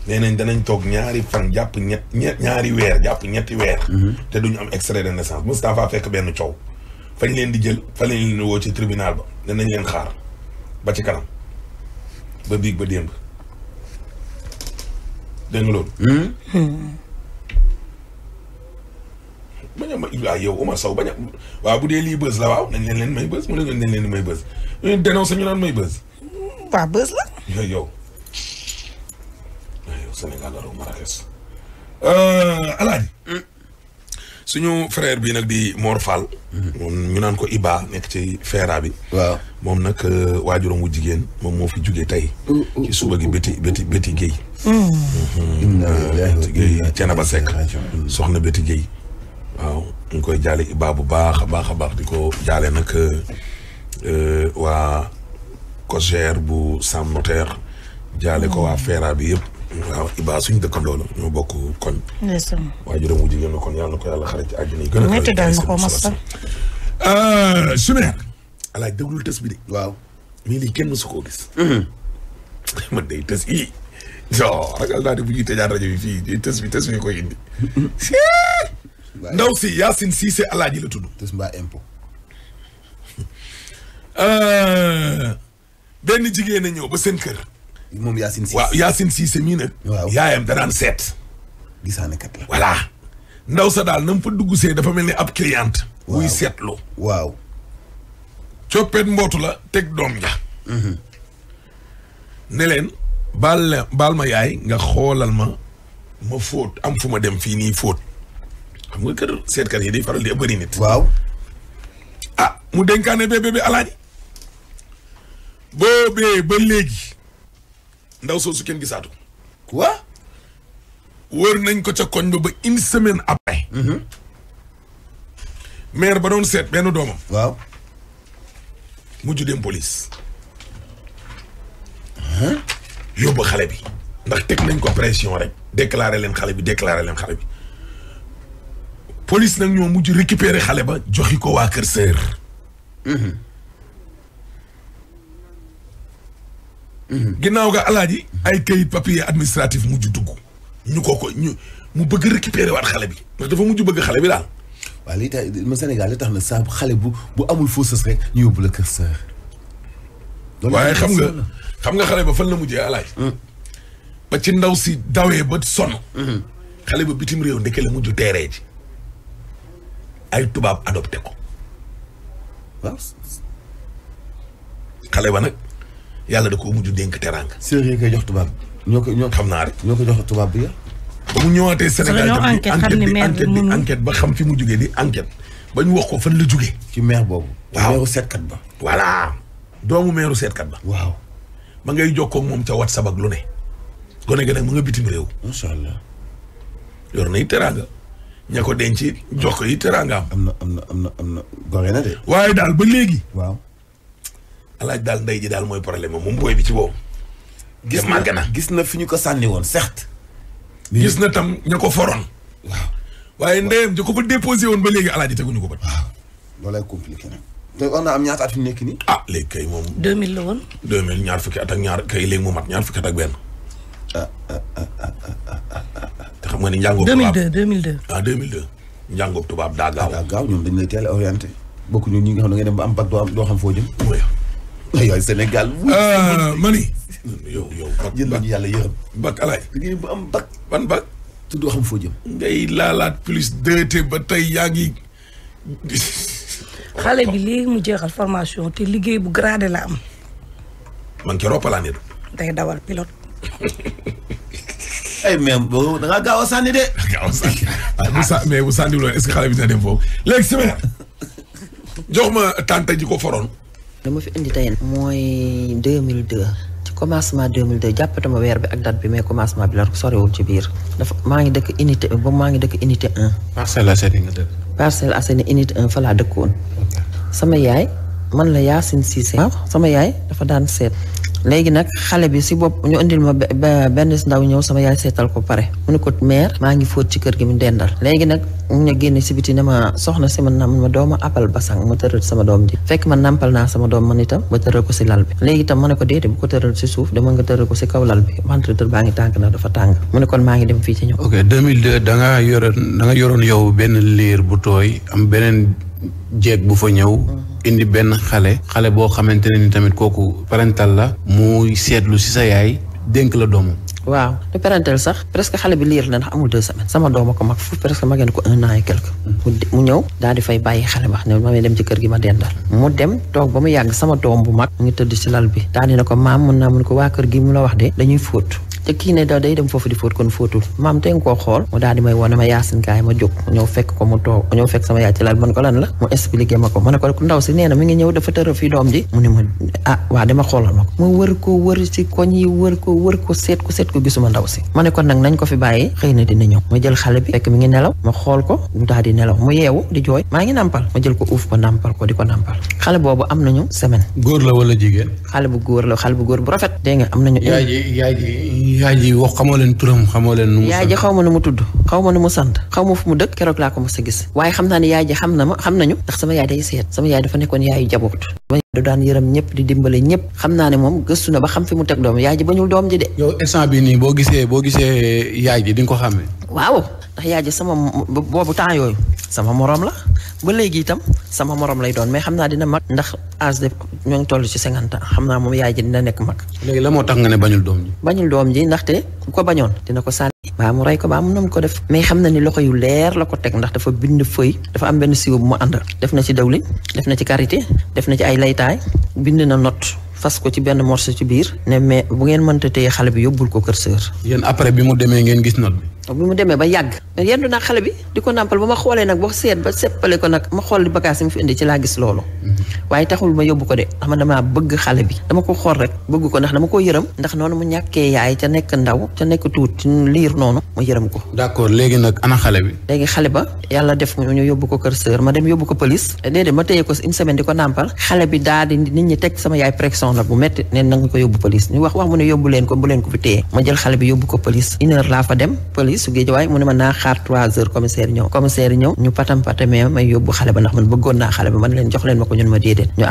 nee nañ danañ toog ñaari fan jàpp ñett ñaari weer jàpp ñetti weer. te duñu am extrait de naissance Moustapha fekk benn coow. fañ leen di jël fa leen di woo ci tribunal ba. danañ leen xaar ba ci kanam ba biig ba démb dégg bañ a ma waaw Sow bañ bu dee lii bës la leen leen may bës mu ne nañ leen may bës ñu ñu naan may bës. waaw bës la. yow yow Sénégal euh, la hmm. nag di Mor hmm. ñu naan ko Iba nekk ci feera bi. waaw moom nag euh, waajuram wu jigéen moom moo fi jugee tey. Hmm, ci suba gi béti béti béti Guèye. soxna béti Guèye. waaw ñu ngi koy jaale Iba bu baax a baax a baax di ko jaale nag euh, waa Cojer bu Sam Notaire jaale ko waa Feera bi yëpp. waaw Iba suñu dëkkandoo la ñoo bokk koñ. waa juróom wu jigéen la kon yàlla na ko yàlla xarit a. métti daal ma ko mos a. su ne. alaaj déglul tës bi de. waaw mais lii kenn mësu koo gis. Mm-hmm. man day tës yii. non ragal naa ne rajo bi fii tës koy indi. Mm-hmm. ndaw si Yacine Cissé alaaji la tudd. des mbaa impôt. Euh, benn jigéen a ñëw ba seen kër. moom Yacine Cissé mii nag. waaw yaayam danaan seet. gisaanekat la voilà. ndaw sa daal na mu fa dugg see dafa mel ni ab cliente. muy seetlu. waaw. coppeet mbootu la teg doom ja. Mhm. ne leen. baal baal ma yaay nga xoolal ma ma fóot am fu ma dem fii nii fóot. xam nga kër seetkat yi day faral di bëri nit. waaw. ah mu dénkaane bébé bi alaaji boobee ba léegi ndaw soosu kenn gisaatu quoi. wër nañ ko ca koñ ba ba une semaine après. Mhm. maire ba doon seet benn doomam. waaw. mujj dem police. yóbbu xale bi. ndax teg nañ ko pression rek. déclaré leen xale bi déclare leen xale bi. police nag ñoo mujj récupérer xale ba joxi ko waa Kër Sër. Mhm. Mhm. ginnaaw ga alaaji ay kayit papier administratif mujj dugg ñu ko ko ñu mu bëgg récupérer waat xale bi ndax dafa mujj bëgg xale bi daal. waaw lii tax ma Sénégal li tax na saa xale bu bu amul fausse rek ñu yóbbu la waaye xam nga xam nga xale ba fan la mujjee alaaji. Hmm. ba ci ndaw si dawee ba sonn. Hmm. xale ba bitim réew ndeke la mujj teeree ay tubaab adopté ko waaw xale ba nag yàlla da koo mujj dénk teraanga. séeréer yi koy jox tubaab bi. ñoo ko ñoo xam naa rek ñoo ko jox tubaab bi ya ba mu ñëwaatee Sénégal tamit di enquête bi enquête ba xam fi mu jugee di enquête ba ñu wax ko fan la jóge ci maire boobu. waaw meeru seetkat ba. voilà doomu meeru seetkat ba. waaw ma ngay jokkoo ak moom ca WhatsApp ak lu ne. gone gi mu nga bitim réew. macha allah yor nay teraanga. ña ko denc jox ko yi teraangaam. am na am na am na am na gore na de. waaye daal ba léegi. waaw. alaaj daal ndey ji daal mooy problème moom booy bi ci boobu. gis na gis na fi ñu ko sànni woon certes. gis na tam ña ko foroon. waaw waaye ndeyam ji ko fa déposé woon ba léegi alaaji teguñu ko bët. waaw loolay compliqué na am ñaata at fi mu nekk nii. ah léegi kay moom. 2000 la woon. ñaar fukki at ak ñaar kay léegi mu mat ñaar fukki at ak benn. te xam nga ni njàngoob. 2002 2002 ah 2002. njàngoob tubaab daa gaaw daa gaaw ñoom dañ lay teel a orienté bokk ñu ñi nga xam ne nga dem ba am bac doo am xam foo jëm. aywa Sénégal. Euh, mani. yow yow bac yéen yàlla yërëm. bac alaay. da ngeen ba am bac. ban doo xam foo jëm. ngay laalaat te yaa ngi. xale bi léegi mu jeexal formation te liggéey bu gradé la am. man keroog palaa day dawal pilote. ay même boobu da gaaw a sànni de. gaaw a sànni bu sa mais bu sànni est-ce que xale bi dina dem foofu léegi si jox ma tante ji fi indi tey mooy deux mille deux. ci commencement deux mille deux jàppatama weer bi ak date bi mais commencement bi la soriwul ci biir. dafa maa ngi dëkk unité ba maa ngi dëkk unité un. Parcelles Assainies nga dëkk. Parcelles Assainies unité un fa dëkkoon. sama yaay man la Yacine Cissé. waaw sama yaay dafa daan seet. léegi nag xale bi si bopp ñu indil ma benn ndaw ñëw sama yaay seetal ko pare mu ne ko mère maa ngi fóot ci kër gi mu dendal léegi nag mu ñu génne si biti ne ma soxna si man na ma dooma appal basang ma tëral sama doom ji fekk man nampal naa sama doom man itam ma tëral ko si lal bi léegi itam ma ne ko déedéet bu ko tëral si suuf dama nga tëral ko si kaw lal bi ventilateur baa ngi tànk na dafa tàng mu ne kon maa ngi dem fii ci ñoom ok 2002 da nga yoroon yoroon yow benn liir bu tooy am beneen jeeg bu fa ñëw indi benn xale xale boo xamante ne ni tamit kooku parental la muy seetlu ci sa yaay dénk la doomam waaw te parentel sax presque xale bi liir na ndax amul sama doom a ko mag fu presque magee na ko un an mu ñëw daal di fay bàyyi xale wax ma may dem ci kër maam mun naa mun ko waa kër gi mu la wax de dañuy fóot te kii day dem foofu di fóot kon fóotul maam te nga xool mu daal di may woon ma yaasin kaay ma jóg ñëw fekk ko mu toog mu expliqué ma ko ma ne ko ndaw si nee na ngi ñëw dafa tëral doom ji mu ne ma ah waa dama xoolal ma ko mu wër ko wër ko seet ko seet ko gisuma ndaw si ma ne nag nañ ko fi bàyyi xëy na dina ñëw ma jël xale bi fekk mi ngi nelaw ma xool ko mu daal di nelaw mu yeewu di jooy maa ngi nàmpal ma jël ko uuf ko nàmpal ko di ko nàmpal xale boobu am ñu semaine góor la wala jigéen xale bu góor la xale bu góor bu rafet dégg nga am na yaay ji yaay ji yaay ji wax xamoo leen turam xamoo leen nu mu yaay ma nu mu tudd xaw ma sant xaw ma fu mu dëkk keroog laa ko mos a waaye xam naa ne yaay ji xam na ma xam nañu ndax sama yaay day seet sama yaay dafa nekkoon yaayu jaboot da daan yërëm ñëpp di dimbale ñëpp xam naa ne moom gëstu na ba xam fi mu teg doom yaay ji ba doom ji de instant bi nii boo gisee boo gisee yaay ji di nga ko xàmme waaw ndax yaay ji sama boobu temps yooyu sama morom la ba léegi sama morom lay doon mais xam naa dina mag ndax âge de ngi toll ci cinquante xam naa moom yaay ji dina nekk mag léegi la moo tax nga ne bañul doom ji bañul doom ji ndaxte ku ko bañoon dina ko sànni baa mu rey ko baa mu nam ko def mais xam na ni loxo yu leer la ko teg ndax dafa bind fëy dafa am benn siwo bu mu ànd def na ci dawlin def na ci karité def na ci ay laytaay bind na not fas ko ci benn morceau ci biir ne mais bu ngeen mënta téye xale bi yóbbul ko kër sër yéen après bi mu demee ngeen gis not bi bi mu demee ba yàgg yendu naa xale bi di ko nàmpal ba ma xoolee nag ba seet ba seppale ko nag ma xool di bagaas yi mu fi indi ci laa gis loolu waaye taxul ma yóbbu ko de xam bëgg xale bi dama ko xool rek bëgg ko ndax dama ko yërëm ndax noonu mu ñàkkee yaay ca nekk ndaw ca nekk tuuti liir noonu ma yërëm ko d'accord léegi nag ana xale léegi xale ba yàlla def mu ñu yóbbu ko kër sœur ma dem yóbbu ko police déedéet ma téye ko une semaine di ko nàmpal xale bi daal di nit ñi teg sama yaay pression nag bu métti neen na ko yóbbu police ñu wax wax mu ne yóbbu leen ko bu leen ko fi téye ma jël xale bi yóbbu ko police une heure laa fa dem police police Guédiawaye mu ne ma naa xaar trois heures commissaire ñëw ñu patam patamee may yóbbu xale ba ndax man bëggoon naa xale ba man leen jox leen ma ko ñu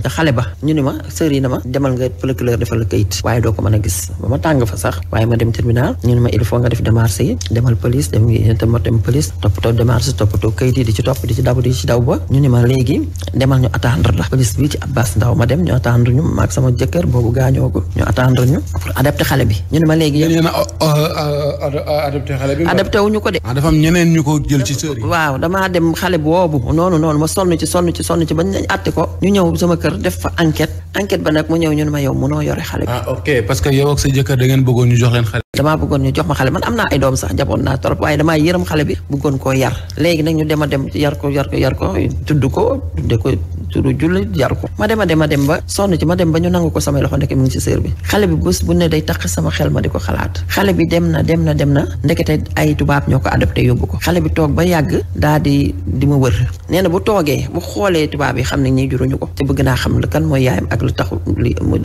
attendre ma demal nga procureur defal kayit waaye doo ko mën a gis ba ma tàng fa sax waaye ma dem tribunal ñu ni ma il faut nga def démarche demal police dem ma dem police toppatoo démarche toppatoo kayit yi di ci topp di ci daw di ci daw ba ñu ni ma léegi demal ñu attendre la police bii ci pour adapté xale bi ñu ne ma léegi. yéen a uh, uh, uh, adapté xale ñu adapté wuñu ko de. ah ñeneen ñu ko jël ci sër waaw damaa dem xale boobu noonu noonu ma sonn ci sonn ci sonn ci bañ nañ àtte ko. ñu ñëw sama kër def fa enquête enquête ba nag mu ñëw ñu ne ma yow mënoo yore xale bi. Ah, ok parce que yow ak jëkkër da ngeen ñu jox xale. damaa bëggoon ñu jox ma xale man am naa ay doom sax jaboon naa trop waaye damaa yërëm xale bi bëggoon ko yar léegi nag ñu dem a dem yar ko yar ko yar ko tudd ko tudde ko tudd julli yar ko ma dem dem a dem ba sonn ci ma dem ba ñu nangu ko sama loxo ndeke mi ngi ci bi xale bi bés bu ne day tax sama xel ma di ko xalaat xale bi dem na dem na dem na ndekete ay tubaab ñoo ko adopté yóbbu ko xale bi toog ba yàgg daal di di ma wër nee na bu toogee bu xoolee tubaab yi xam ne ñi juruñu ko te bëgg naa xam kan mooy yaayam ak lu tax li mu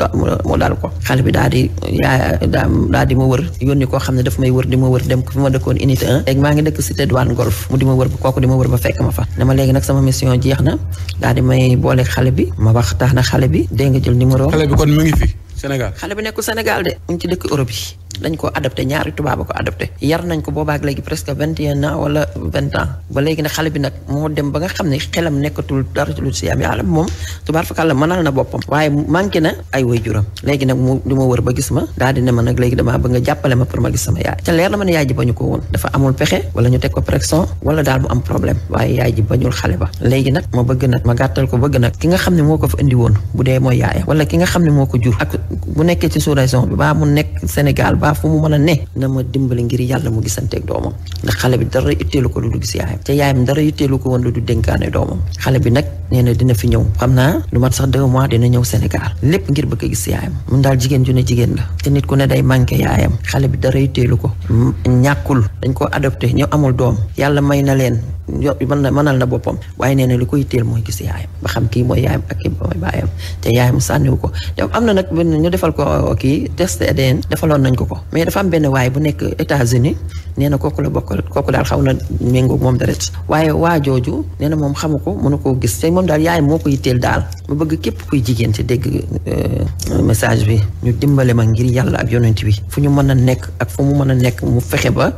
daal ko xale bi daa di yaa di ma wër yónni koo xam ne daf may wër di ma wër dem ko fi ma dëkkoon unité 1 léegi maa ngi dëkk cité douane golf mu di ma wër ba kooku di ma wër ba fekk ma fa ne ma léegi nag sama mission jeex na daal di may booleeg xale bi ma waxtaan ak xale bi dégg nga jël numéro xale bi kon mu ngi fi Sénégal xale bi nekkul Sénégal de mu ci dëkk Europe dañ ko adopté ñaari tubaab ko adopté yar nañ ko boobaak léegi presque vingt et un wala vingt ba léegi nag xale bi nag moo dem ba nga xam ne xelam nekkatul dara lu si am moom tubaab fakal la na boppam waaye manqué na ay waajuram léegi nag mu di ma wër ba gis ma daal di ne ma nag léegi damaa bëgg jàppale ma pour ma gis sama leer na ma ne yaay ko woon dafa amul pexe ñu teg ko pression wala am problème waaye yaay ji bañul xale ba léegi nag ma bëgg nag ma gàttal ko bëgg nag ki nga xam ne moo ko fa indi woon bu dee mooy yaaya wala ki nga xam ne moo ko jur ak mu nekkee ci sous-région bi baa mu nekk Sénégal baa fu mu mën a ne na ma dimbali ngir yàlla mu gisanteeg doomam ndax xale bi dara itteelu ko lu du gis yaayam te yaayam dara itteelu ko woon lu du dénkaane doomam xale bi nag nee na dina fi ñëw xam naa lu mat sax deux mois dina ñëw Sénégal lépp ngir bëgg a gis yaayam mun daal jigéen ju ne jigéen la te nit ku ne day manqué yaayam xale bi dara itteelu ko ñàkkul dañ ko adopté ñu amul doom yàlla may na leen yo mënal na boppam waaye nee na li ko yitteel mooy gis yaayam ba xam kii mooy yaayam ak kii mooy baayam te yaayam sànniwu ko te am na nag ñu defal ko uh, kii test ADN defaloon nañ ko ko mais dafa am benn waay bu nekk États-Unis nee na kooku la bokkal kooku daal xaw na méngoog moom deret waaye waa jooju nee na moom xamu ko mënu koo gis te moom daal yaayam moo ko yitteel daal mu bëgg képp kuy jigéen te dégg uh, message bi ñu dimbale ma ngir yàlla ak yonent bi fu ñu mën a nekk ak fu mu mën a nekk mu fexe ba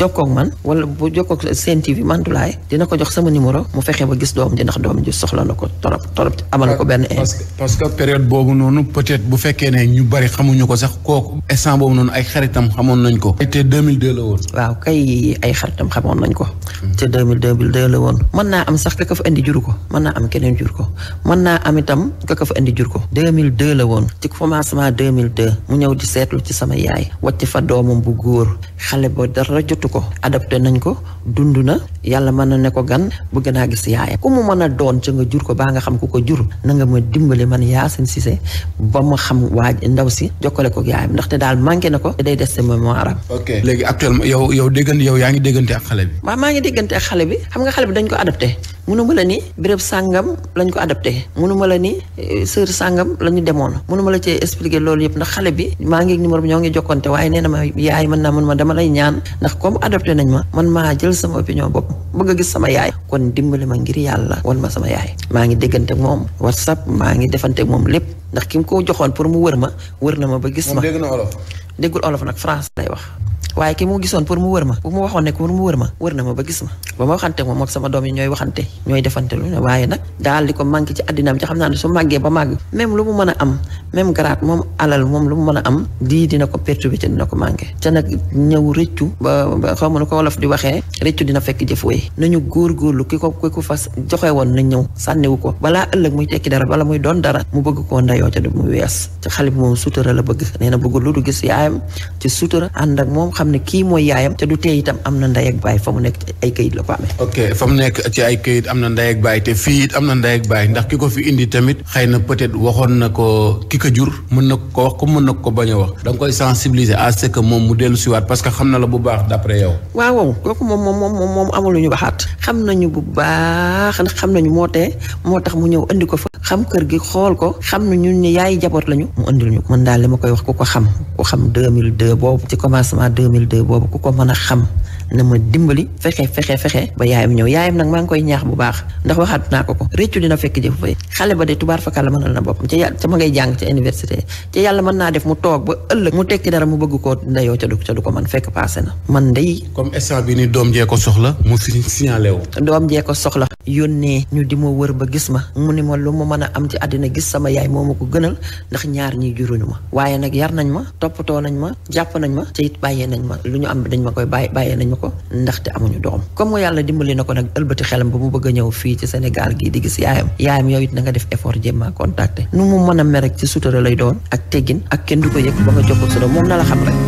jokkoog man wala bu jokkoog seen TV man Ablaye dina ko jox sama numéro mu fexe ba gis doom ji ndax doom ji soxla na ko torop torop amal ko benn. parce que parce que période boobu noonu peut-être bu fekkee ne ñu bari xamuñu ko sax kooku instant boobu noonu ay xaritam xamoon nañ ko. te 2002 woon. waaw kay ay xaritam nañ ko. te 2002 la woon. mën naa am sax ka ka fa indi jur ko mën naa am keneen jur ko mën naa am itam ka ka fa indi jur ko. 2002 la woon. ci commencement 2002 mu ñëw di seetlu ci sama yaay. wàcc fa doomam bu góor xale ba dara jotu ko. adopté nañ ko dund na yàlla yàlla mën na ne ko gan bëgg naa gis yaayam ku mu a doon ca nga jur ko baa nga xam ku ko jur na nga ma dimbali man Yacine Cissé ba ma xam waa ndaw si jokkale ko yaayam ndaxte daal manqué na ko te day des sa mémoire am ok léegi actuellement yow yow déggante yow yaa ngi déggante ak xale bi waaw maa ngi déggante ak xale bi xam nga xale bi dañ ko adopté mënuma la ni béréb sàngam lañ ko adapté mënuma la ni eh, sër sàngam la ñu demoon mënuma la cee expliquer loolu yëpp ndax xale bi maa ngi numéro bi ñoo ngi jokkonte waaye nee na ma yaay mën naa mën ma dama lay ñaan ndax comme adapté nañ ma man ma jël sama opinion bopp bëgg a gis sama yaay kon dimbali ma ngir yàlla wan ma sama yaay maa ngi déggante ak moom whatsapp maa ngi defante moom lépp ndax ki mu ko joxoon pour mu wër ma wër na ma ba gis ma déggul olof nag France lay wax waaye ki mu gisoon pour mu wër ma bu mu waxoon ne pour mu wër ma wër na ba gis ma ba ma waxante moom moom sama doom yi ñooy waxante ñooy defante lu nag daal di ko manqué ci addinaam ci xam naa ne su màggee ba màgg même mu mën a am même garaat moom alal moom lu mën a am lii dina ko perturbé te dina ko manqué te nag ñëw rëccu ba xaw ma nu ko wolof di waxee rëccu dina fekk jëf woy nañu góorgóorlu ki ko ki ko fas joxe woon na ñëw sànniwu ko balaa ëllëg muy tekki dara bala muy doon dara mu bëgg koo ndayoo ca du mu wees te xale bi moom sutura la bëgg nee na bëggul lu du gis yaayam ci sutura ànd ak moom xam xam ne kii mooy yaayam te du tee itam am na ndey ak baay fa mu nekk ci ay kayit am na ndey ak baay te fii it am na ndey ak baay ndax ki ko fi indi tamit xëy na peut-être waxoon na ko ki ko jur mën na ko wax ko mën ko a wax da nga koy sensibiliser à moom mu dellu siwaat parce que xam na la bu baax d'après yow. waaw moo tee mu ñëw indi ko fa xam kër gi xool ko xam na ñu man daal li ma koy wax ku ko xam ku xam 2002 boobu ci commencement 2000 2002 boobu ku ko mën a xam na ma dimbali fexe fexe fexe ba yaayam ñëw yaayam nag maa ngi koy ñaax bu baax ndax waxaat naa ko ko réccu dina fekk jëf fay xale ba de tubaar fakal la mënal na boppam ca yàlla ca ngay jàng ca mu toog ba ëllëg mu tekki dara mu koo ndayoo ca du ca du ko man fekk passé na doom ko soxla mu signalé wu doom jee ko soxla yónnee ñu di ma wër ba gis ma mu ni ma lu ma mën a am ci àddina gis sama yaay moo ma ko gënal ndax ñaar ñiy juruñu ma waaye nag yar nañ ma toppatoo nañ ma jàpp nañ ma ca it bàyyee nañ ma lu ñu am dañ ma koy bàyyee nañ ma ko ndaxte amuñu doom comme nga yàlla dimbali na ko nag ëlbati xelam ba mu bëgg a ñëw fii ci Sénégal gii di gis yaayam yaayam yow it na nga def effort jéem a contacter nu mu mën a merek ci sutura lay doon ak teggin ak kenn du ko yëg ba nga jokkoo su moom na la xam rek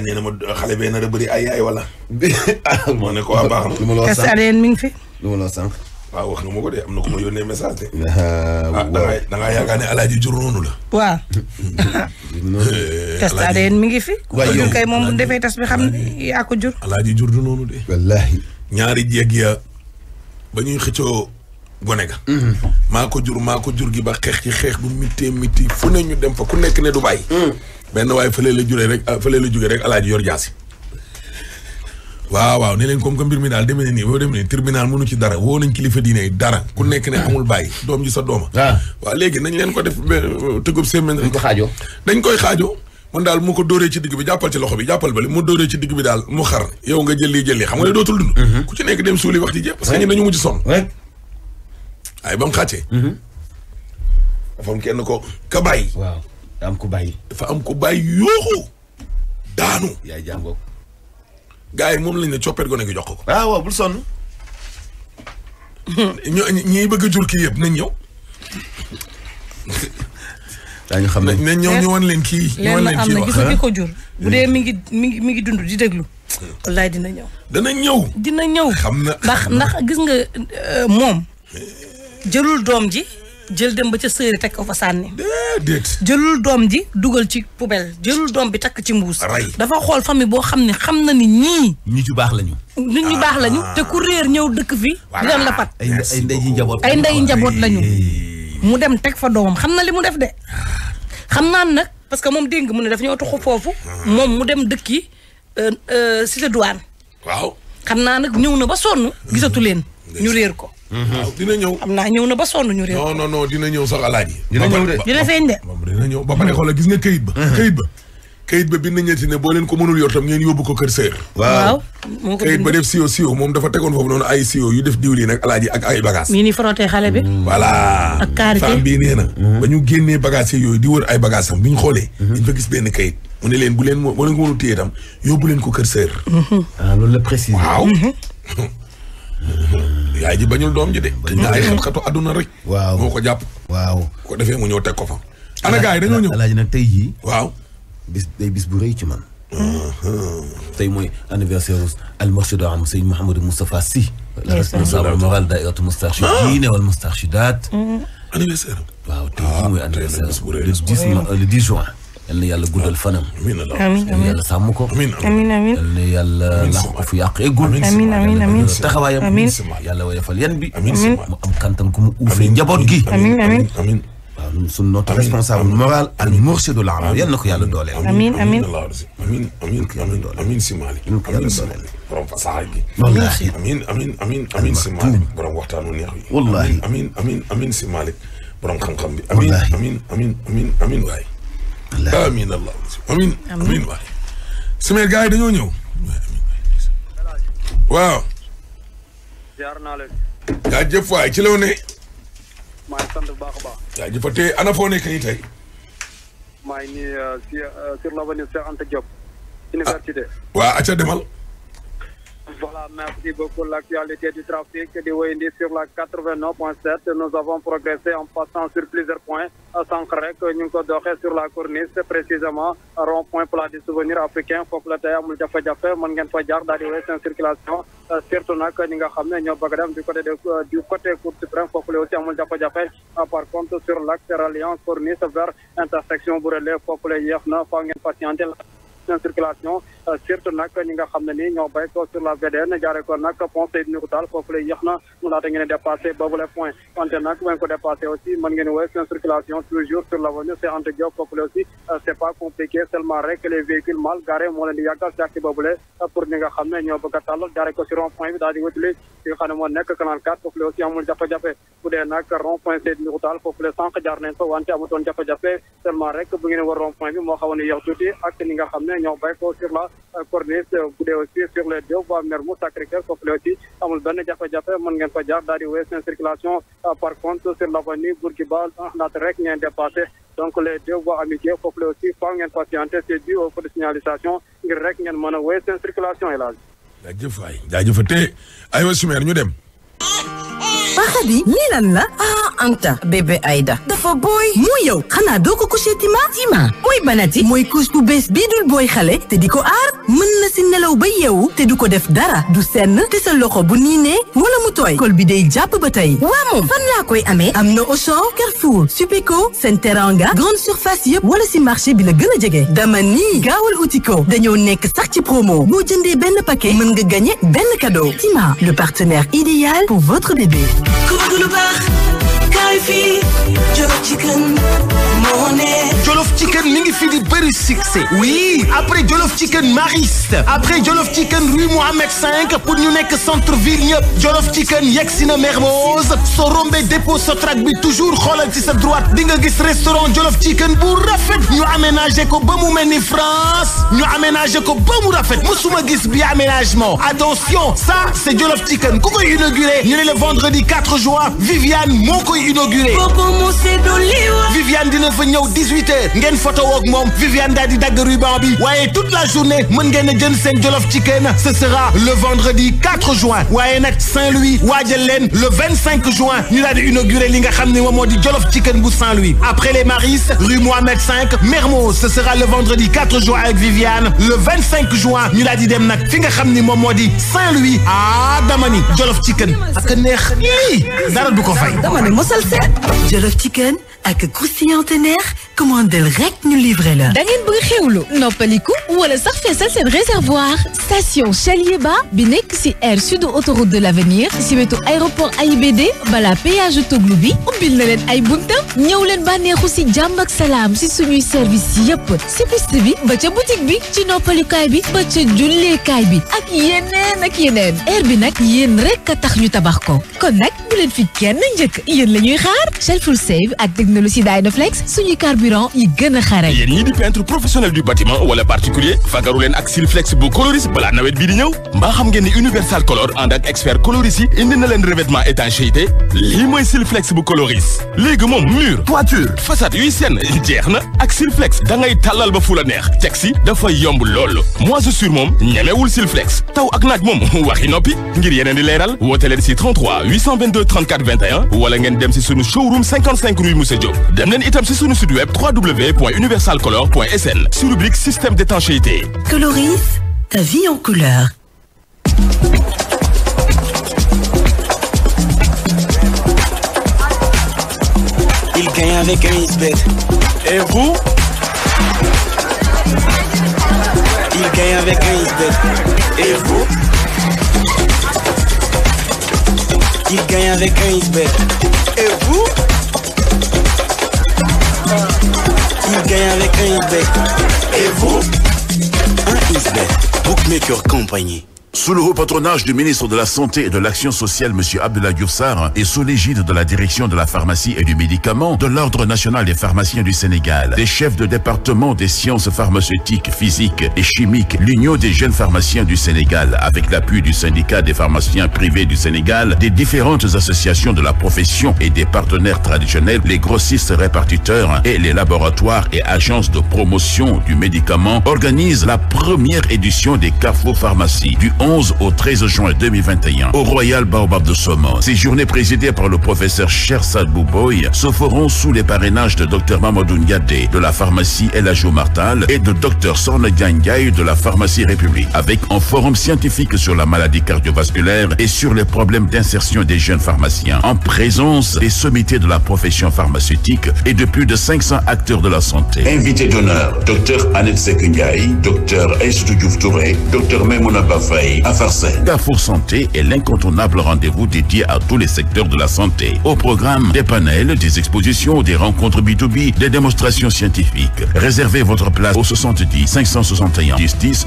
Ndiaye nee na ma xale bee nar a bëri ay yaay wala. moo ne ko waa ah, baax na. mi ngi fi. lu ma la wax sànq. ma am na ma yónnee message de. ah dangaa dangaa yaakaar ne alaaji jur noonu la. waaw. alaaji mi ngi fi. waaye yow kay moom bu defee tas bi xam ne yaa ko jur. alaaji jur noonu de. wallaahi. ñaari jeeg ya ba ñuy xëccoo gone ga. Mm-hmm. maa ko jur maa ko jur gi ba xeex ci xeex bu mittee mitti fu ne ñu dem fa ku nekk ne du bàyyi. Mm. benn waaye fële la juree rek fële la jugee rek alaaji yor jaasi waaw waaw ni leen comme que mbir mi daal demee nii boo demee tribunal mënu ci dara woo nañ kilifa diine yi dara ku nekk ne amul bàyyi doom ji sa dooma ah. waaw léegi nañ leen ko def tëggub semaine dañ ko xaajoo dañ koy xaajoo man daal mu ko dóoree ci digg bi jàppal ci loxo bi jàppal bale mu dóoree ci digg bi daal mu xar yow nga jël lii jël xam nga ne dootul dund mm-hmm. ku ci nekk dem suuli wax ci jépp parce que ñun dañu mujj sonn mm-hmm. kenn ko ka bàyyi waaw am ku bàyyi. dafa am ku bàyyi yooxu daanu. yaay jàngook gars yi moom lañ ne coppet gone gi jox ko. ah waaw bul sonn. ñoo ñi bëgg a jur kii yëpp nañ ñëw. daañu xam ne ne ñëw ñëwoon leen kii. ñëwoon leen kii gis nga ko jur. bu dee mi ngi mi ngi mi ngi dund di déglu. Hmm. wallaay dina ñëw. dana ñëw. dina ñëw. xam na ndax ndax gis nga euh, moom. Hmm. jëlul doom ji. jël dem ba ca sëri teg ko fa sànni. déedéet. jëlul doom ji dugal ci poubelle jëlul doom bi takk ci mbuus. dafa xool famille boo xam ne xam na ni ñii. ñu ñu baax lañu. nit ñu baax lañu ah. te ku réer ñëw dëkk fi. dinañ la pat. ay ndeyi njaboot ay ndeyi njaboot lañu. mu dem teg fa doomam xam na li mu def de. xam naan nag parce que moom dégg nga mu ne daf ñëw tuxu foofu. Ah. moom mu dem dëkk yi euh, euh, cité douane. waaw xam naa nag ñëw na ba sonn gisatu leen. Mm-hmm. ñu réer ko. Mhm. waaw dina ñëw. xam naa ñëw na ba sonn ñu réew. non dina ñëw sax alaaji. dina ñëw de ba pare mhm. xoolal gis nga kayit ba. Mhm. kayit ba kayit ba bind nañu boo leen ko mënul yor tam ngeen yóbbu ko ko kayit ba def siyo moom dafa tegoon foofu noonu yu def diwli nag alaaji ak ay bagages. mii ni frotté bi. voilà ak karité femme bii ba ñu yooyu di ay bagages tam bi ñu xoolee. gis benn kayit. mu ne leen bu leen boo leen ko mënul ko kër seer. Ah, waaw yaay ji bañul doom ji de. te ñu ay xat-xatu àdduna rek. waaw moo ko jàpp. waaw ko defee mu ñëw teg ko fa. ana gars yi dañoo ñëw alaaji nag tey jii. waaw bis day bis bu rëy ci man. Uh-huh. te mooy anniversaire al-murshid am Sëñ Mouhamadou Moustapha Sy. la responsable moral dairatu Moustarchidine ah! wal Moustarchidat. anniversaire waaw tey jii ah, mooy anniversaire le yal na yàlla guddal ah, fanam. amiin amiin yal na yàlla sàmm ko. amiin amiin yal na yàlla làq ko fu yàq eggul. amiin amiin amiin taxawaayam. amiin yàlla wayafal yan bi. amiin mu am kantan ku mu uufee njaboot gi. amiin amiin amiin. waaw sunu notre responsable moral al mursidul am yal na ko yàlla dooleel. amiin amiin amiin amiin amiin amiin si Mali. amiin ko yàlla dooleel. borom fasaxa gi. wallaahi amiin amiin amiin amiin si Mali. borom waxtaanu neex bi. wallaahi amiin amiin amiin si Mali. borom xam-xam bi. amiin amiin amiin amiin waay. amiin allah amiin amiin waay Sumay gars yi dañoo ñëw waaw jaar naa leen jaajëf waay ci law ne maa ngi sant bu baax a baax jaajëf te ana foo nekk nii tey maa ngi nii euh, euh, sur l'avenue Cheikh Anta Diop ah. université waaw aca demal Voilà, merci beaucoup. L'actualité du trafic des Wendy sur la 89.7. Nous avons progressé en passant sur plusieurs points. À Sankrek, Nunkodoré sur la cornice, précisément, rond-point plat des souvenirs africains. Foklataya, Mouljafa Jafé, Mangan Fajar, Dariwes en circulation. Surtout, Nak, Ninga Hamne, Nyobagadam, du côté de, du côté Cour suprême, Fokulé aussi, Mouljafa Jafé. Ah, par contre, sur l'axe reliant cornice vers intersection Bourrelé, Euh, surtout nag ñi nga xam ko sur la VDN jaaree ko nag pont Seydou Nourou Tall foofu mu laata ngeen dépassé boobu point wante nag bu ngeen ko dépassé ngeen woy sur l'avenue Cheikh Anta Diop foofu le aussi euh, c'est pas compliqué seulement rek les véhicules mal garés moo leen di yàggal si acte boobu le euh, pour ñi nga xam ne ñoo bëgg rond point bi daal di wutali rond point Seydou Nourou Tall foofu le sànq jaar wante amutoon jafe-jafe seulement rek bu war rond point bi moo corniche bu dee aussi sur les deux voies Mermoz Sacré-Cœur foofu aussi amul benn jafe-jafe mën ngeen fa jaar daal di wéy seen circulation ah, par contre sur l'avenue Bourguiba ah, naata rek ngeen dépassé donc les deux voies amitié foofu aussi faaw ngeen patienté c'est dû au feu de signalisation ngir rek ngeen mën a wéy seen circulation élage jaajëf waay jaajëfate aywa sumeer ñu dem Xadi lii lan la ah Anta bébé Aida dafa booy mu yow xanaa doo ko couché tima tima mooy banati mooy couche bu bees bii dul booy xale te di ko aar mën na si nelaw ba yeewu te du ko def dara du senn te sa loxo bu niine wala mu tooy kol bi day jàpp ba tey waa moom fan laa koy amee am na Auchan Carrefour Supeco Sen Teranga grande surface yëpp wala si marché bi la gën a jege dama nii gaawal uti ko dañoo nekk sax ci promo boo jëndee benn paquet mën nga gagné benn cadeau tima le partenaire pour votre bébé. Jolof Chicken mi ngi fi di bëri succès oui après Jolof Chicken Mariste après Jolof Chicken rue Mohamed 5 pour ñu nekk centre ville ñëpp Jolof Chicken yegsi na Mermoz soo rombee dépôt Sotrac bi toujours xoolal ci sa droite di nga gis restaurant Jolof Chicken bu rafet ñu aménagé ko ba mu mel ni France ñu aménagé ko ba mu rafet musuma gis bi aménagement attention ça c'est Jolof Chicken ku koy inauguré ñu ne le vendredi 4 juin Viviane moo koy inauguré Viviane dina fa ñëw 18h ngeen photo ak moom Viviane daal di dagg ruban bi waaye toute la journée mën ngeen a jënd seen jolof chicken ce sera le vendredi 4 juin waaye nag Saint-Louis waajal leen le 25 juin ñu daal di inauguré li nga xam ne moom moo di jolof chicken bu Saint-Louis après les Maris rue Mohamed 5 Mermoz ce sera le vendredi 4 juin avec Viviane le 25 juin ñu daal dem nag fi nga xam ni moom moo di Saint-Louis ah damani jolof chicken ak neex. dara du ko fay. dama ne mosal seet. jolof chicken. ak croustillant teneer commandel rek ñu livré la. da ngeen wala sax feesal seen réservoir station Chalier Ba bi nekk ci aire sud autoroute de l'avenir ci wetu aéroport AIBD bala péage Toglu bi ubbil na leen ay buntam ñëw leen bànneexu ci jàmm ak salaam suñuy service yépp ci piste bi ba ca boutique bi ci noppalikaay bi ba ca julleekaay bi ak yeneen ak yeneen aire bi nag yéen rek a tax ñu tabax ko kon nag bu leen fi kenn njëkk yéen la ñuy xaar Shell technologie Dynaflex suñu carburant yi gën a xarañ yéen ñii di peintre professionnel du bâtiment wala particulier fagaru ak Silflex bu coloris balaa nawet bii di ñëw mbaa ngeen ni Universal Color ànd ak expert coloris indi na leen revêtement étanchéité lii mooy Silflex bu coloris léegi mur toiture façade yuy seen jeex na ak Silflex da ngay ba fu la neex teg si dafay yomb lool moisissure moom ñemewul Silflex taw ak naaj moom waxi noppi ngir yeneen Diop dem leen itam si sunu site web www.universalcolor.sn sur rubrique système d'étanchéité. Coloris, ta couleur. Il gagne avec un isbet. Et vous? Ils avec un Compagnie. Sous le haut patronage du ministre de la Santé et de l'Action sociale, M. Abdoulaye Diouf Sarr, et sous l'égide de la direction de la pharmacie et du médicament, de l'Ordre national des pharmaciens du Sénégal, des chefs de département des sciences pharmaceutiques, physiques et chimiques, l'Union des jeunes pharmaciens du Sénégal, avec l'appui du syndicat des pharmaciens privés du Sénégal, des différentes de la profession et des partenaires traditionnels, les grossistes répartiteurs et les laboratoires et agences de promotion du médicament, organisent la première édition des Carrefour Pharmacie 11 au 13 juin 2021 au Royal Baobab de Saumon. Ces journées présidées par le professeur Chersad Bouboy se feront sous les parrainages de Dr Mamadou Ndiadé de la pharmacie El Hadji Oumar Tall et de Dr Sorna Diagne de la pharmacie République avec un forum scientifique sur la maladie cardiovasculaire et sur les problèmes d'insertion des jeunes pharmaciens en présence des sommités de la profession pharmaceutique et de plus de acteurs de la santé. Invité d'honneur, Dr Annette santé. Affaire Carrefour Santé est à tous les secteurs de la santé. Au programme, des panels, des expositions, des rencontres B2B, des démonstrations scientifiques. Réservez votre place au 70 561 10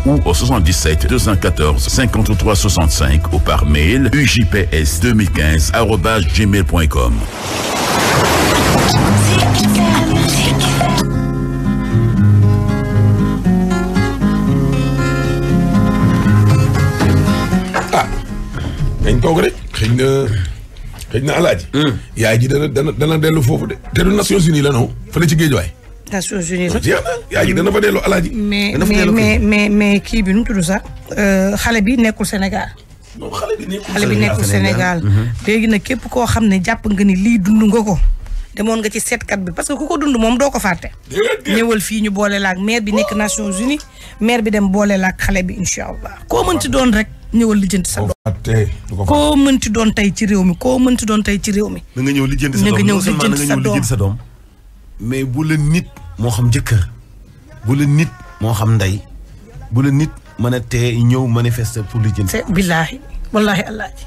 dañ toog rek xëy na xëy na hmm. ji dana dana dana dellu foofu de. te du Nations Unies la non fële ci géej waay. Nations Unies la jeex na yaay ji dana fa dellu alaaji. dana fa mais mais mais kii bi nu mu tudd sax. Euh, xale bi nekkul Sénégal. non xale bi nekkul Sénégal xale bi nekkul Sénégal. Mm-hmm. léegi nag képp koo xam ne jàpp nga ni lii dund nga ko. demoon nga ci seetkat bi parce que ku ko dund moom doo ko fàtte. ñëwal fii ñu boole laak mair bi nekk Nations Unies mair bi dem boole laak xale bi incha allah koo mënti doon rek. ñëwal lijjanti sa doom koo mënti doon tey ci réew mi koo mënti doon tey ci réew mi na nga ñëw lijjanti sa doom nga ñëw sa doom mais bu la nit moo xam jëkkër bu la nit moo xam ndey bu la nit mën a tee ñëw manifester pour lijjanti billaahi wallaahi allaaji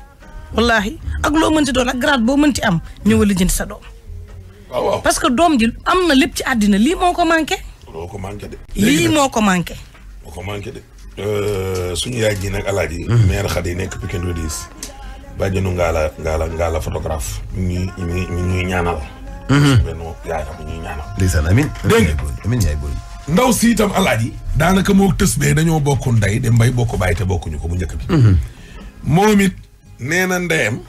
wallaahi ak loo mënti doon ak grade boo mënti am ñëwal lijjanti sa doom parce que doom ji am na lépp ci àddina lii moo ko manqué lii moo ko manqué moo ko manqué de Euh, suñu yaay ji nag alaaji hmm. maire xat nekk Pikine Rue 10 bàjjenu ngaala ngaala ngaala photographe ñu ñu ñuy ñaanal hmm. benn yaay xam ñuy ñaanal ndaw si alaaji daanaka moo tës bee dañoo bokk ndey de mbay bokk bàyyi te bokkuñu ko bu jëkk bi hmm. moom it nee na ndeyam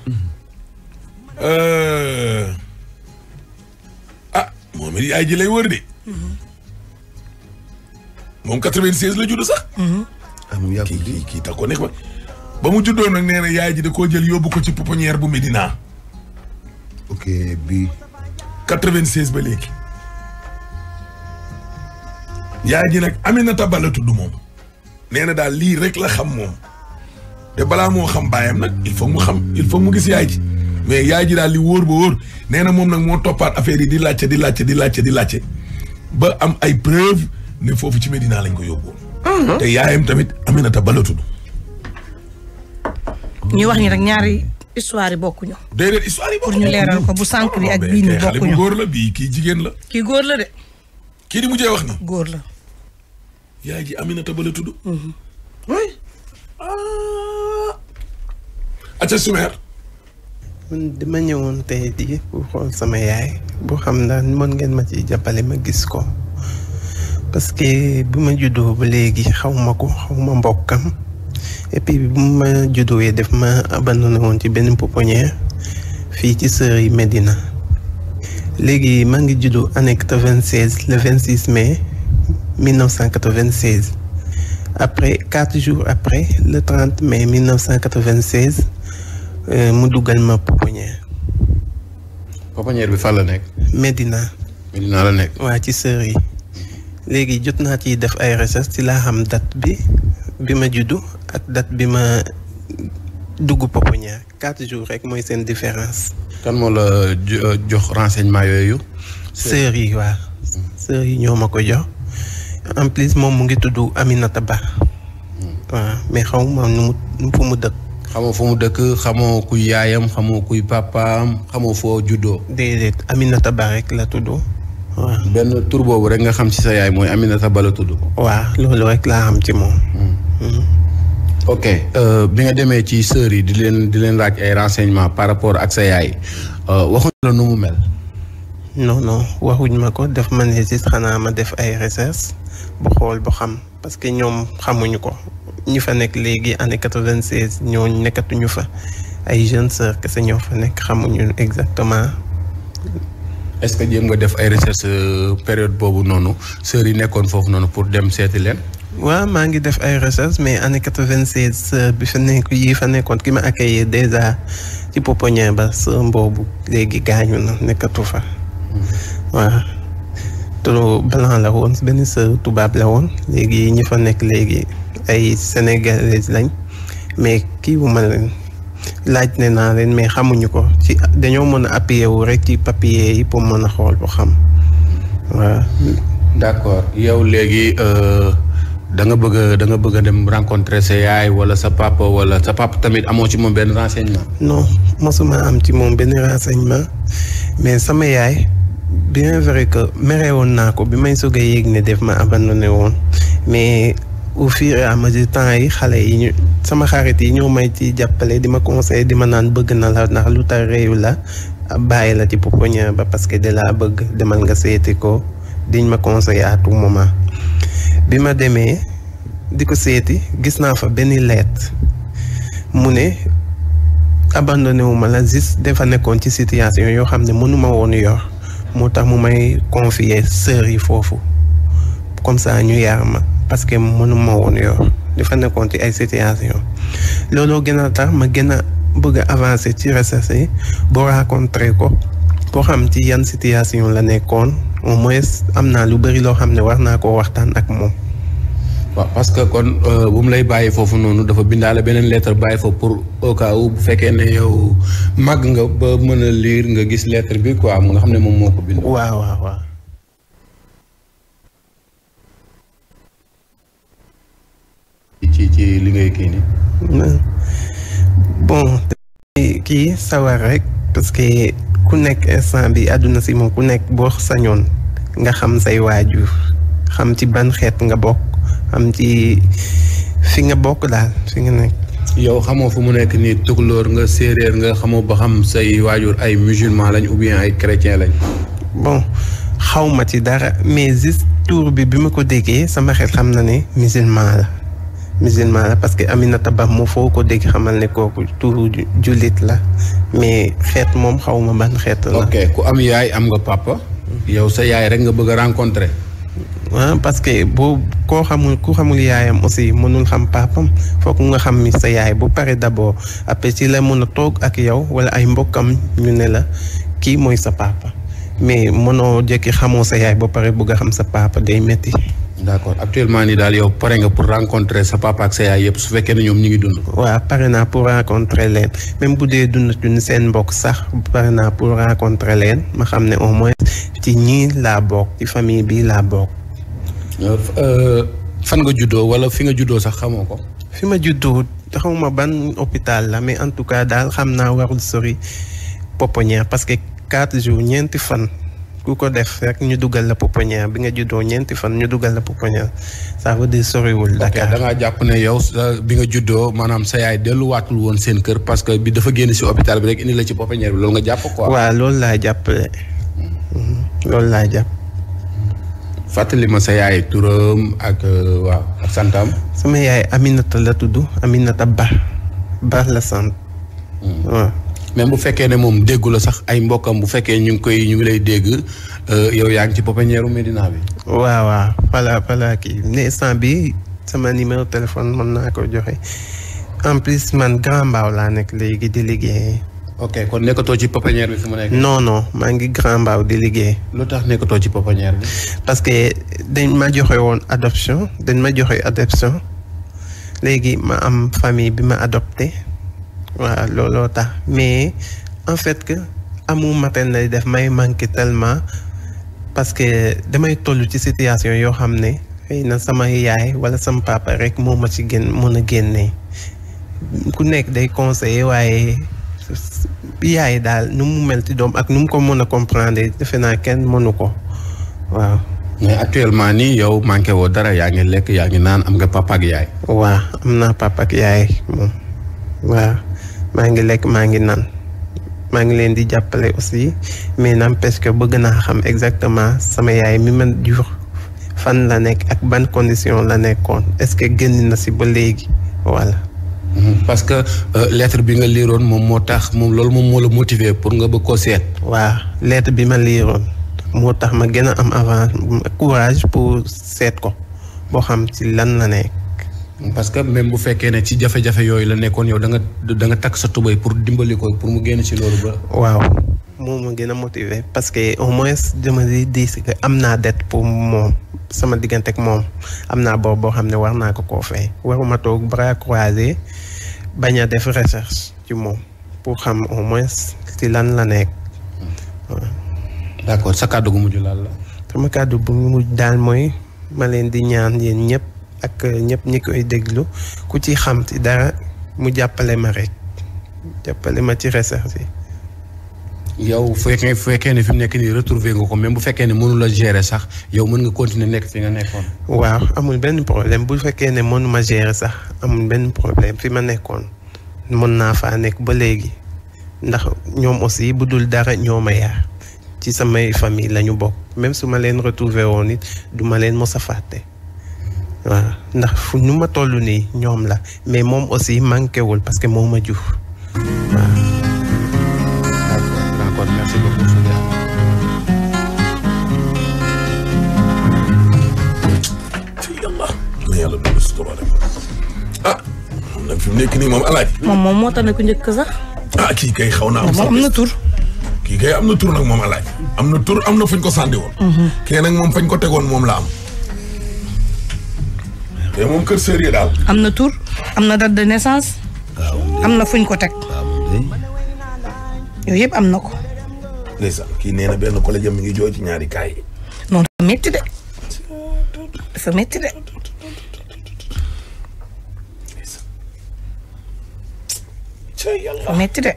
euh, ah moom it lay wër de moom 96 la judd sax ah moom kii kii tax ko nekk ba mu juddoo nag nee na yaay ji da koo jël yóbbu ko ci pouponnière bu Médina. ok bi. 96 ba léegi. yaay ji nag Aminata Ba la tudd moom. nee na daal lii rek la xam moom. te balaa moo xam baayam nag il faut mu xam il faut mu gis yaay ji. mais yaay ji daal li wóor ba wóor nee na moom nag moo toppaat affaire yi di laajte di laajte di laajte di laajte ba am ay preuve ne foofu ci Médina lañ ko yóbbuwoon. te yaayam tamit Aminata Ba la tudd. wax ñi rek ñaari histoire yi bokkuñu. déedéet histoire yi bokkuñu pour ñu leeral ko bu sànq bi ak bii nii bokkuñu góor la bii kii jigéen la. kii góor la de. kii di mujjee wax na góor la. yaay ji Aminata Ba la tudd. Mhm. oui. acca ah. sumeer. man dama ñëwoon tey pour xool sama yaay boo xam ndax mën ngeen ma ci jàppale ma gis ko. parce que bi ma juddoo ba léegi xaw ma ko xaw ma mbokkam et puis bi ma juddoowee def ma abandonné woon ci benn pouponnière fii ci sœurs yi Médina léegi maa ngi juddoo année quatre-vingt-seize le vingt-six mai mille neuf cent quatre-vingt-seize après quatre jours après le trente mai mille neuf cent quatre-vingt-seize euh, mu dugal ma pouponnière. pouponnière bi fan la nekk. Médina. Médina la nekk. waa ci sœurs yi. léegi jot naa ci def ay recherche ci laa xam date bi bi ma juddu ak date bi ma dugg Popoña quatre jours rek mooy seen différence. kan moo la euh, jox renseignement yooyu. sœurs yi waaw. sœurs yi ñoo ma ko jox en plus moom mu ngi tudd Aminata Ba. Hmm. waaw mais xaw ma nu mu fu mu dëkk. xamoo fu mu dëkk xamoo kuy yaayam xamoo kuy papaam xamoo foo juddoo. déedéet Aminata Ba rek la tudd. waaw benn tur boobu rek nga xam ci sa yaay mooy Aminata sa la tudd. waa loolu rek laa xam ci moom. Hmm. Hmm. ok euh, bi nga demee ci sœurs yi di leen di leen laaj ay renseignements par rapport ak sa yaay euh, waxuñ la nu mu mel. non non waxuñ ma ko def ma ne juste xanaa ma def ay recherche bu xool bu xam parce que ñoom xamuñu ko ñu fa nekk léegi année quatre-vingt-seize ñooñu nekkatuñu fa ay jeunes sœurs kese ñoo fa nekk xamuñu exactement. est ce que jéem nga def ay recherche euh, période boobu noonu sœurs yi nekkoon foofu noonu pour dem seeti leen. waaw maa ngi def ay recherche mais année quatre vingt seize bi fa nekk yi fa nekkoon ki ma accueillir dèjà ci pouponnière ba sën boobu léegi gaañu na nekkatu fa. Hmm. waaw trop blanc la woon benn sër tubaab la woon léegi ñi fa nekk léegi ay sénégalais lañ mais kii leen laaj ne naa leen mais xamuñu ko ci dañoo mën a appuyer wu rek ci papier yi pour mën a xool bu xam waaw. d'accord yow léegi euh, da nga bëgg da nga bëgg a dem rencontrer sa yaay wala sa papa wala sa papa tamit amoo ci moom benn renseignement. non mosuma am ci moom benn renseignement mais sama yaay. bien vrai que woon naa ko bi may soog a yéeg ne def ma abandonné woon mais au fur et à mesure temps yi xale yi ñu sama xarit yi ñoo may ci jàppale di ma conseiller di ma naan bëgg na la ndax lu tax réew la bàyyi la ci pouponnière ba parce que de la bëgg demal nga seeti ko diñ ma conseiller à tout moment bi ma demee di ko seeti gis naa fa benn leet mu ne abandonné wu ma la juste defa nekkoon ci situation yoo xam ne mënuma woon yor moo tax mu may confier sœur yi foofu comme ça ñu yaar ma parce que mënuma woon yor dafa nekkoon ci ay situation looloo gën a tax ma gën a bëgg a avancer ci recherche yi boo rencontré ko boo xam ci yan situation la nekkoon au moins am naa lu bari loo xam ne war naa koo waxtaan ak moom. waa parce que kon euh, bu mu lay bàyyi foofu noonu dafa bindaale beneen lettre bàyyi foofu pour au bu fekkee ne yow màgg nga ba mën a liir nga gis lettre bi quoi mu nga xam ne moom moo ko bind. waaw waaw waaw. ci li ngay kii nii. kii sawar rek parce que ku nekk instant bi àdduna si moom ku nekk boo sañoon nga xam say waajur xam ci ban xeet nga bokk xam ci fi nga bokk daal fi nga nekk. yow xamoo fu mu nekk nii tukulóor nga séeréer nga xamoo ba xam say waajur ay musulman lañ ou bien ay chrétien lañ. bon xawma ci dara mais juste tour bi bi ma ko déggee sama xet xam na ne musulman la. musulman la parce que Aminata Ba moo foo ko dégg xamal ne kooku turu jullit la mais xeet moom xawma ban xeet la. ok ku am yaay am nga papa. yow sa yaay rek nga bëgg a rencontrer. ah parce que boo koo xamul ku xamul yaayam aussi mënul xam papam foog nga xam ni sa yaay bu pare d'abord après ci la mën a toog ak yow wala ay mbokkam ñu ne la kii mooy sa papa mais mënoo jëkki xamoo sa yaay ba pare bugg a xam sa papa day metti d' accord actuellement nii daal yow pare nga pour rencontrer sa papa ak sa yaay yëpp su fekkee ne ñoom ñu ngi dund. waaw pare naa pour rencontrer leen même bu dee dund duñ seen mbokk sax pare naa pour rencontrer leen ma xam ne au moins ci ñii la bokk ci famille bi laa bokk. Euh, euh, fan nga juddoo wala fi nga juddoo sax xamoo ko. fi ma juddo juddoo ma ban hôpital la mais en tout cas daal xam naa warul sori Poponnière parce que quatre jours ñeenti fan. ku ko def rek ñu dugal la pouponnière bi nga juddoo ñeenti fan ñu dugal la pouponnière ça veut dire soriwul Dakar. da jàpp ne yow bi nga juddoo maanaam sa yaay delluwaatul woon seen kër parce que bi dafa génn si hôpital bi rek indi la ci pouponnière bi loolu nga jàpp quoi. waaw loolu laa jàppale hmm. hmm, loolu laa jàpp. fàttali ma sa yaay turam ak euh, waaw ak santam. sama yaay Aminata la tudd Aminata Ba Ba la sant. Hmm. waaw. mais bu fekkee ne moom déggu la sax ay mbokkam bu fekkee ñu ngi koy ñu ngi lay dégg euh, yow yaa ngi ci pépinière Médina bi. waaw waaw voilà voilà kii ne instant bi sama numéro téléphone mën naa ko joxe en plus man Grand Mbao laa nekk léegi di liggéey. ok kon nekkatoo ci pépinière bi fi mu nekk. maa ngi Grand Mbao di liggéey. lu tax nekkatoo ci pépinière bi. parce que dañ ma joxe woon adoption dañ ma joxe adoption léegi ma am famille bi ma adopté. waaw looloo tax mais en fait que amu matin lay def may manqué tellement parce que damay toll ci situation yoo xam ne xëy na sama yaay wala sama papa rek moo ma ci gën mën a génne ku nekk day conseiller waaye yaay daal nu mu melti doom ak nu mu ko mën a comprendre defe naa kenn mënu ko waaw. mais actuellement nii yow manqué woo dara yaa ngi lekk yaa ngi naan am nga papa ak yaay. waaw am naa papa ak yaay moom waaw. maa ngi lekk maa ngi naan maa ngi leen di jàppale aussi mais n'empêche que bëgg naa xam exactement sama yaay mi ma jur fan la nekk ak ban condition la nekkoon est-ce que génn na si ba léegi walla mhm. parce que euh, lettre bi nga liiroon moom moo tax moom loolu moom moo la motiver pour nga bëgg koo seet. waa lettre bi ma liiroon moo tax ma gën a am avant courage pour seet ko boo xam ci lan la nekk. parce que même bu fekkee ne ci jafe-jafe yooyu la nekkoon yow da nga da nga takk sa tubay pour dimbali ko pour mu génn ci loolu ba. waaw moom ma gën a motiver parce que au moins dama di di am naa dette pour moom sama diggante ak moom am naa boobu boo xam ne war naa ko koo fay waruma toog bras croisé bañ a def recherche ci moom pour xam au moins ci lan la nekk. d' accord sa kàddu gu mujju laal la. sama kàddu bu mujj daal mooy ma leen di ñaan yéen ñëpp. ak ñëpp ñi koy déglu ku ci xam ci dara mu jàppale ma rek jàppale ma ci recherche yi yow fekkee fekkee ne fi mu nekk nii retrouver nga ko même bu fekkee ne mënu la sax yow mën nga continuer nekk fi nga nekkoon waaw amul benn problème bu fekkee ne mënu ma gérer sax amul benn problème fi ma nekkoon mën naa fa nekk ba léegi ndax ñoom aussi bu dul dara ñoo ma ci samay famille la ñu bokk même su ma leen retrouver woon it duma leen mos a fàtte waaw ndax fu ñu ma toll nii ñoom la mais moom aussi manqué wul parce que moom ma jur waaw. d'accord merci beaucoup. Ah, fi mu nekk nii moom alaaj moom moom moo tax ne ku sax. ah kii xaw naa am. sax am na tur. kii am na tur nag moom alaaj am na tur am na fuñ ko sànni woon. Mhm. moom fañ ko tegoon moom la am. te moom kër sérieux daal. am na tur am na date naissance. am na fuñ ko teg. yooyu yëpp am na ko. ndeysaan kii nee benn collège mi ngi jooy ci ñaari kaay yi. non dafa de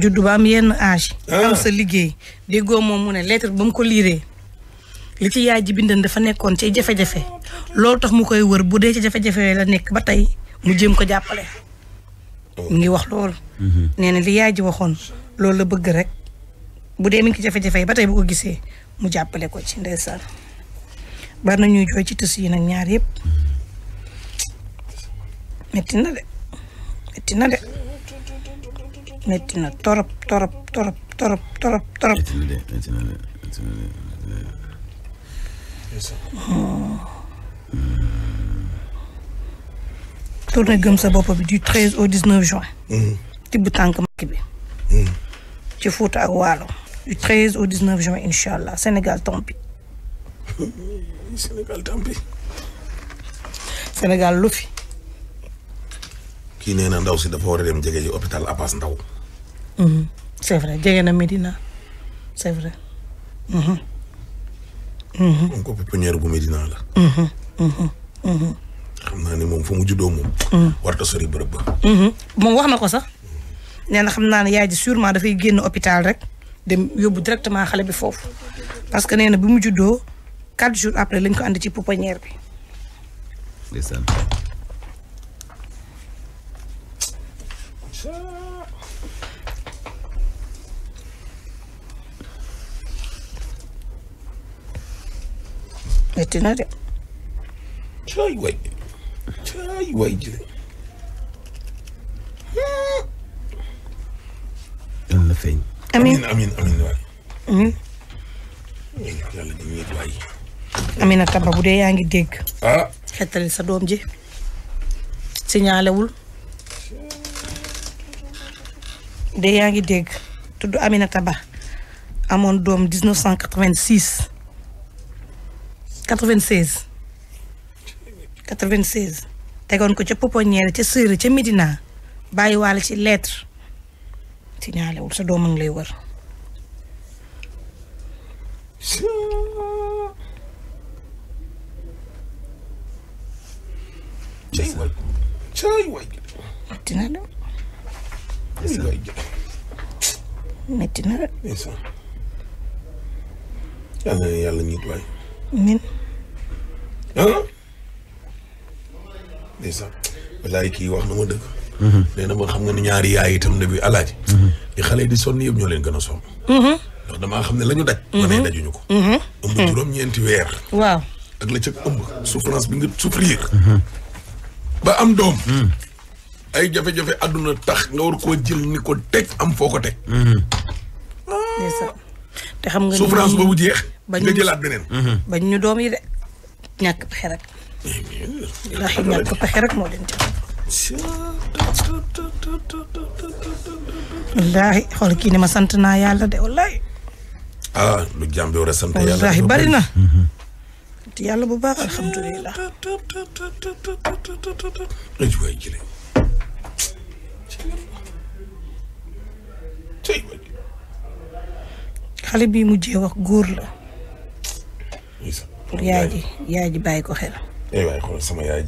juddu ba yenn âge. Ah. am sa liggéey déggoo moom mu ne lettre ba ko liiree. li ci yaay ji bindan dafa nekkoon ci jafe-jafe loolu tax mu koy wër bu dee ci jafe-jafe la nekk ba tey mu jéem ko jàppale. mu oh. ngi wax loolu. Mm-hmm. nee na li yaay ji waxoon loolu la bëgg rek bu dee mi ngi ci jafe-jafe ba tey bu ko gisee mu jàppale ko ci ndeysaan. bari na ñuy jooy ci tës yi nag ñaar yépp metti na de metti na metti na torop torop torop torop torop torop. tournée hmm. gëm sa bopp bi du 13 au 19 juin. Hmm. tibb tànk Macky bi. Hmm. ci Fouta ak Waalo. du 13 au 19 juin incha allah Sénégal tant Sénégal tant Sénégal lu fi. kii nee na ndaw si dafa war a dem jege ji hôpital Abass Ndao. c'est vrai jege na Medina c'est vrai. moom ko pépinière bu Medina la. Mm-hmm. Mm-hmm. Mm-hmm. xam naa ne moom fa mu juddoo moom. warta sori bërëb ba. moom wax na ko sax. nee na xam naa ne yaay ji sûrement dafay génn hôpital rek dem yóbbu directement xale bi foofu parce que nee na bi mu juddoo quatre jours après lañ ko andi ci pouponnière bi. metti na de. caa yi waay caa hmm? yi waay jële. bu dee yaa ngi dégg. Ah. xettali sa doom ji. signalé wul. bu dee yaa ngi dégg. tudd Amina Tamba amoon doom 1986. 96 96 tegoon ko ca pouponnière ca Sire ca Médina bàyyiwaale ci lettre ci ñaalewul sa doom a ngi lay wër. metti na de. metti na de. yàlla na yàlla ñuy waay. amiin. ndeysaan walaay kii wax na ma dëgg. Mhm. nee na ma xam nga ni ñaari yaay itam ne bi alaaji. Mhm. li xale yi di sonn yëpp ñoo leen gën a sonn. Mhm. ndax damaa xam ne lañu ñu daj. ma ne dajuñu ko. ëmb juróom-ñeenti weer. waaw ak la ca ëmb souffrance bi nga souffrir. ba am doom. ay jafe-jafe àdduna tax nga war koo jël ni ko teg am foo ko teg. te xam nga souffrance boobu jeex. bañ nga jëlaat beneen. Mhm. bañ ñu doom yi de ñàkk pexe rek. ndax ñàkk pexe rek moo leen jël. wallaahi xool kii ne ma sant naa yàlla de wallaahi. ah lu jàmm bi war a sant yàlla. wallaahi bari na. Mhm. yàlla bu baax alhamdulilah. xale bi mujjee wax góor la. pour yaay ji yaay ji bàyyi ko xel. eh waay xool sama yaay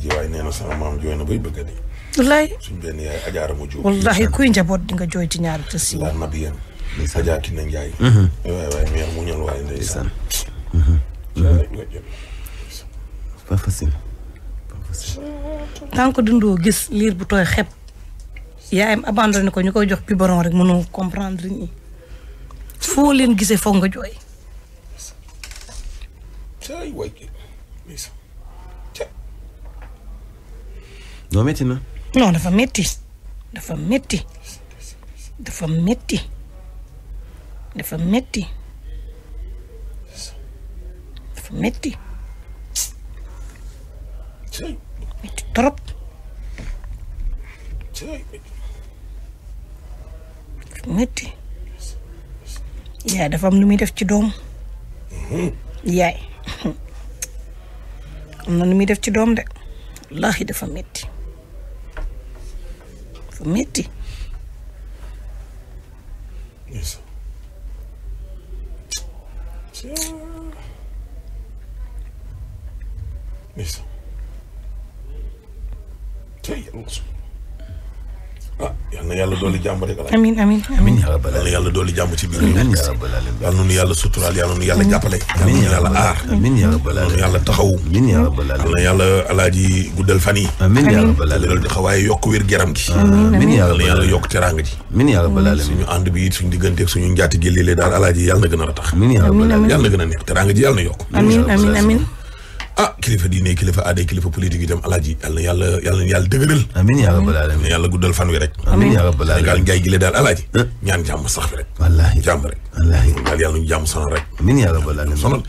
a dee. kuy njaboot di nga jooy ci ñaar te si. laa nabi yéen. ajaar ki mhm. eh, mu ñal mhm. mhm. waay ndeysaan. pas facile pas facile. tant que dundoo gis liir bu tooy xep. yaayam abandonné ko ñu koy jox biberon rek mënoo comprendre nii. foo leen gisee foog nga jooy. non métti na. dafa metti dafa métti dafa métti dafa métti dafa métti métti trop métti. yaay dafa am lu muy def ci doom. yaay am na lu muy def ci doom de wallaahi dafa metti fa metti ah yal na yàlla dooli jàmm rek. amiin amiin amiin yal na yàlla dooli jàmm ci biir réew mi. yal na nu yàlla suturaal yal na nu yàlla jàppale. amiin yal na nu yàlla aar. amiin yal yàlla taxawu. yàlla alaaji guddal fan yi. amiin yàlla taxawaay yokk wér geram gi. amiin yal na yàlla yokk teraanga ji. amiin yal na yàlla suñu ànd bi it suñu diggante ak suñu njaati gi léeg-léeg daal alaaji yal na gën a ratax. amiin yal na yàlla gën a neex teraanga ji yal na yokk. amiin amiin ah kilifa diine kilifa aaday kilifa politique itam alaaji yàlla yàlla yàlla yàlla dëgëral. amiin yaa rabbal aalamiin yàlla guddal fan wi rek. amiin yaa rabbal aalamiin Sénégal njaay gi la daal alaaji. Eh? ñaan jàmm sax fi rek. wallaahi jàmm rek. wallaahi daal yàlla ñu jàmm sonal rek. amiin yaa rabbal aalamiin sonal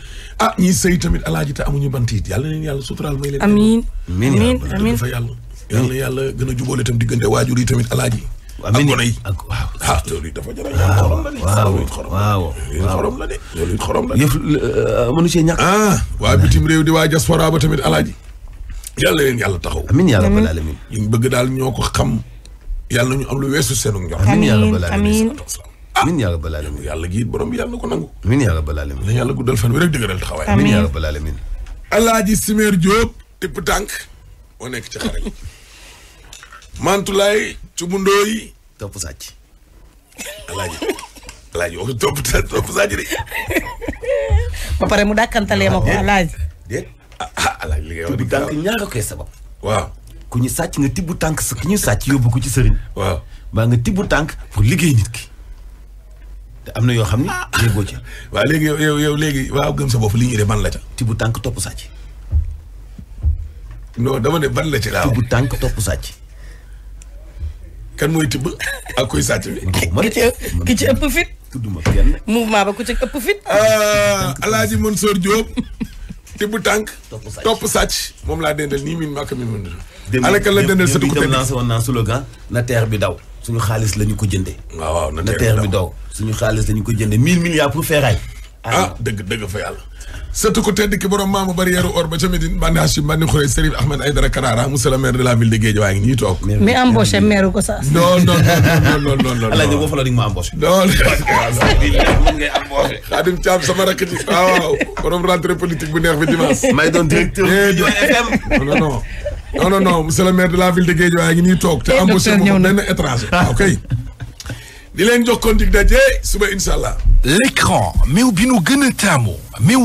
ah ñi sëy tamit alaaji te amuñu bant it yàlla neen yàlla suturaal may leen. amiin amiin amiin fa yàlla. yàlla yàlla gën a jubóole itam diggante waajur yi tamit alaaji ak gone yi ak waaw. ah loolu it dafa jëlaat ñaar xorom la de. waaw waaw waaw xorom la de loolu it xorom la de. yëf euh, mënu see ñàkk. ah waa bitim réew di waa diaspora ba tamit alaaji. yàlla leen yàlla taxaw. amiin yaa rabbal aalamiin. ñu bëgg daal ñoo ko xam. yàlla ñu am lu weesu seenu njor. amiin amiin ah, min yaa rabbal alamin yàlla gi borom bi yàlla na ko nangu min yaa rabbal alamin la yàlla guddal fan bi rek dëgëral taxawaay min yaa rabbal alamin alaaji Simeer Diop tipp tànk moo nekk ci xarala Mantulaay Cubu Ndooy. topp sàcc. alaaji alaaji waxul topp topp sàcc ba pare mu dàkkantalee ma ko alaaji. déet ah, ah alaaji tànk ñaar koy sabab. waaw ku ñu sàcc nga tib tànk sa ku ñu sàcc yóbbu ko ci sëriñ. waaw maa nga tib tànk pour liggéey nit ki. te am na yoo xam ne déggoo ci. waaw léegi yow yow léegi waaw gëm sa bopp li ñuy def ban la ca. tibb tànk topp sàcc. noo dama ne ban la ca. waaw tibb tànk topp sàcc. kan mooy tibb ak koy sàcc bi. ki ci ëpp fit. tudduma kenn. mouvement ba ku ci ëpp fit. Ah, Alaaji Mansour Diop. tibb tànk. topp sàcc moom laa dendal nii min màkk mi mën alaka la dendal sa dugub tamit lancé woon naa slogan na terre bi daw. suñu xaalis la ñu ko jëndee. waaw waaw na terre bi daw suñu xaalis la ko jënde mille milliards pour ferraille. ah, ah dëgg dëgg fa yàlla. sëtu ko tedd ki borom maamu bari yeeru or ba ca Médine Mbane Hachim Mbane Khouré Serif Ahmed Aïdara Karara monsieur le de la ville de Guédiawaye ngi nii toog. mi embauché maire ko sax. non non non non non non. di le maire de la ville de Guédiawaye ngi nii toog. te eh, embauché mu benn étranger ah, ok. di leen jox kon dig daje suba incha allah. l'écran meew bi nu gën a taamu meew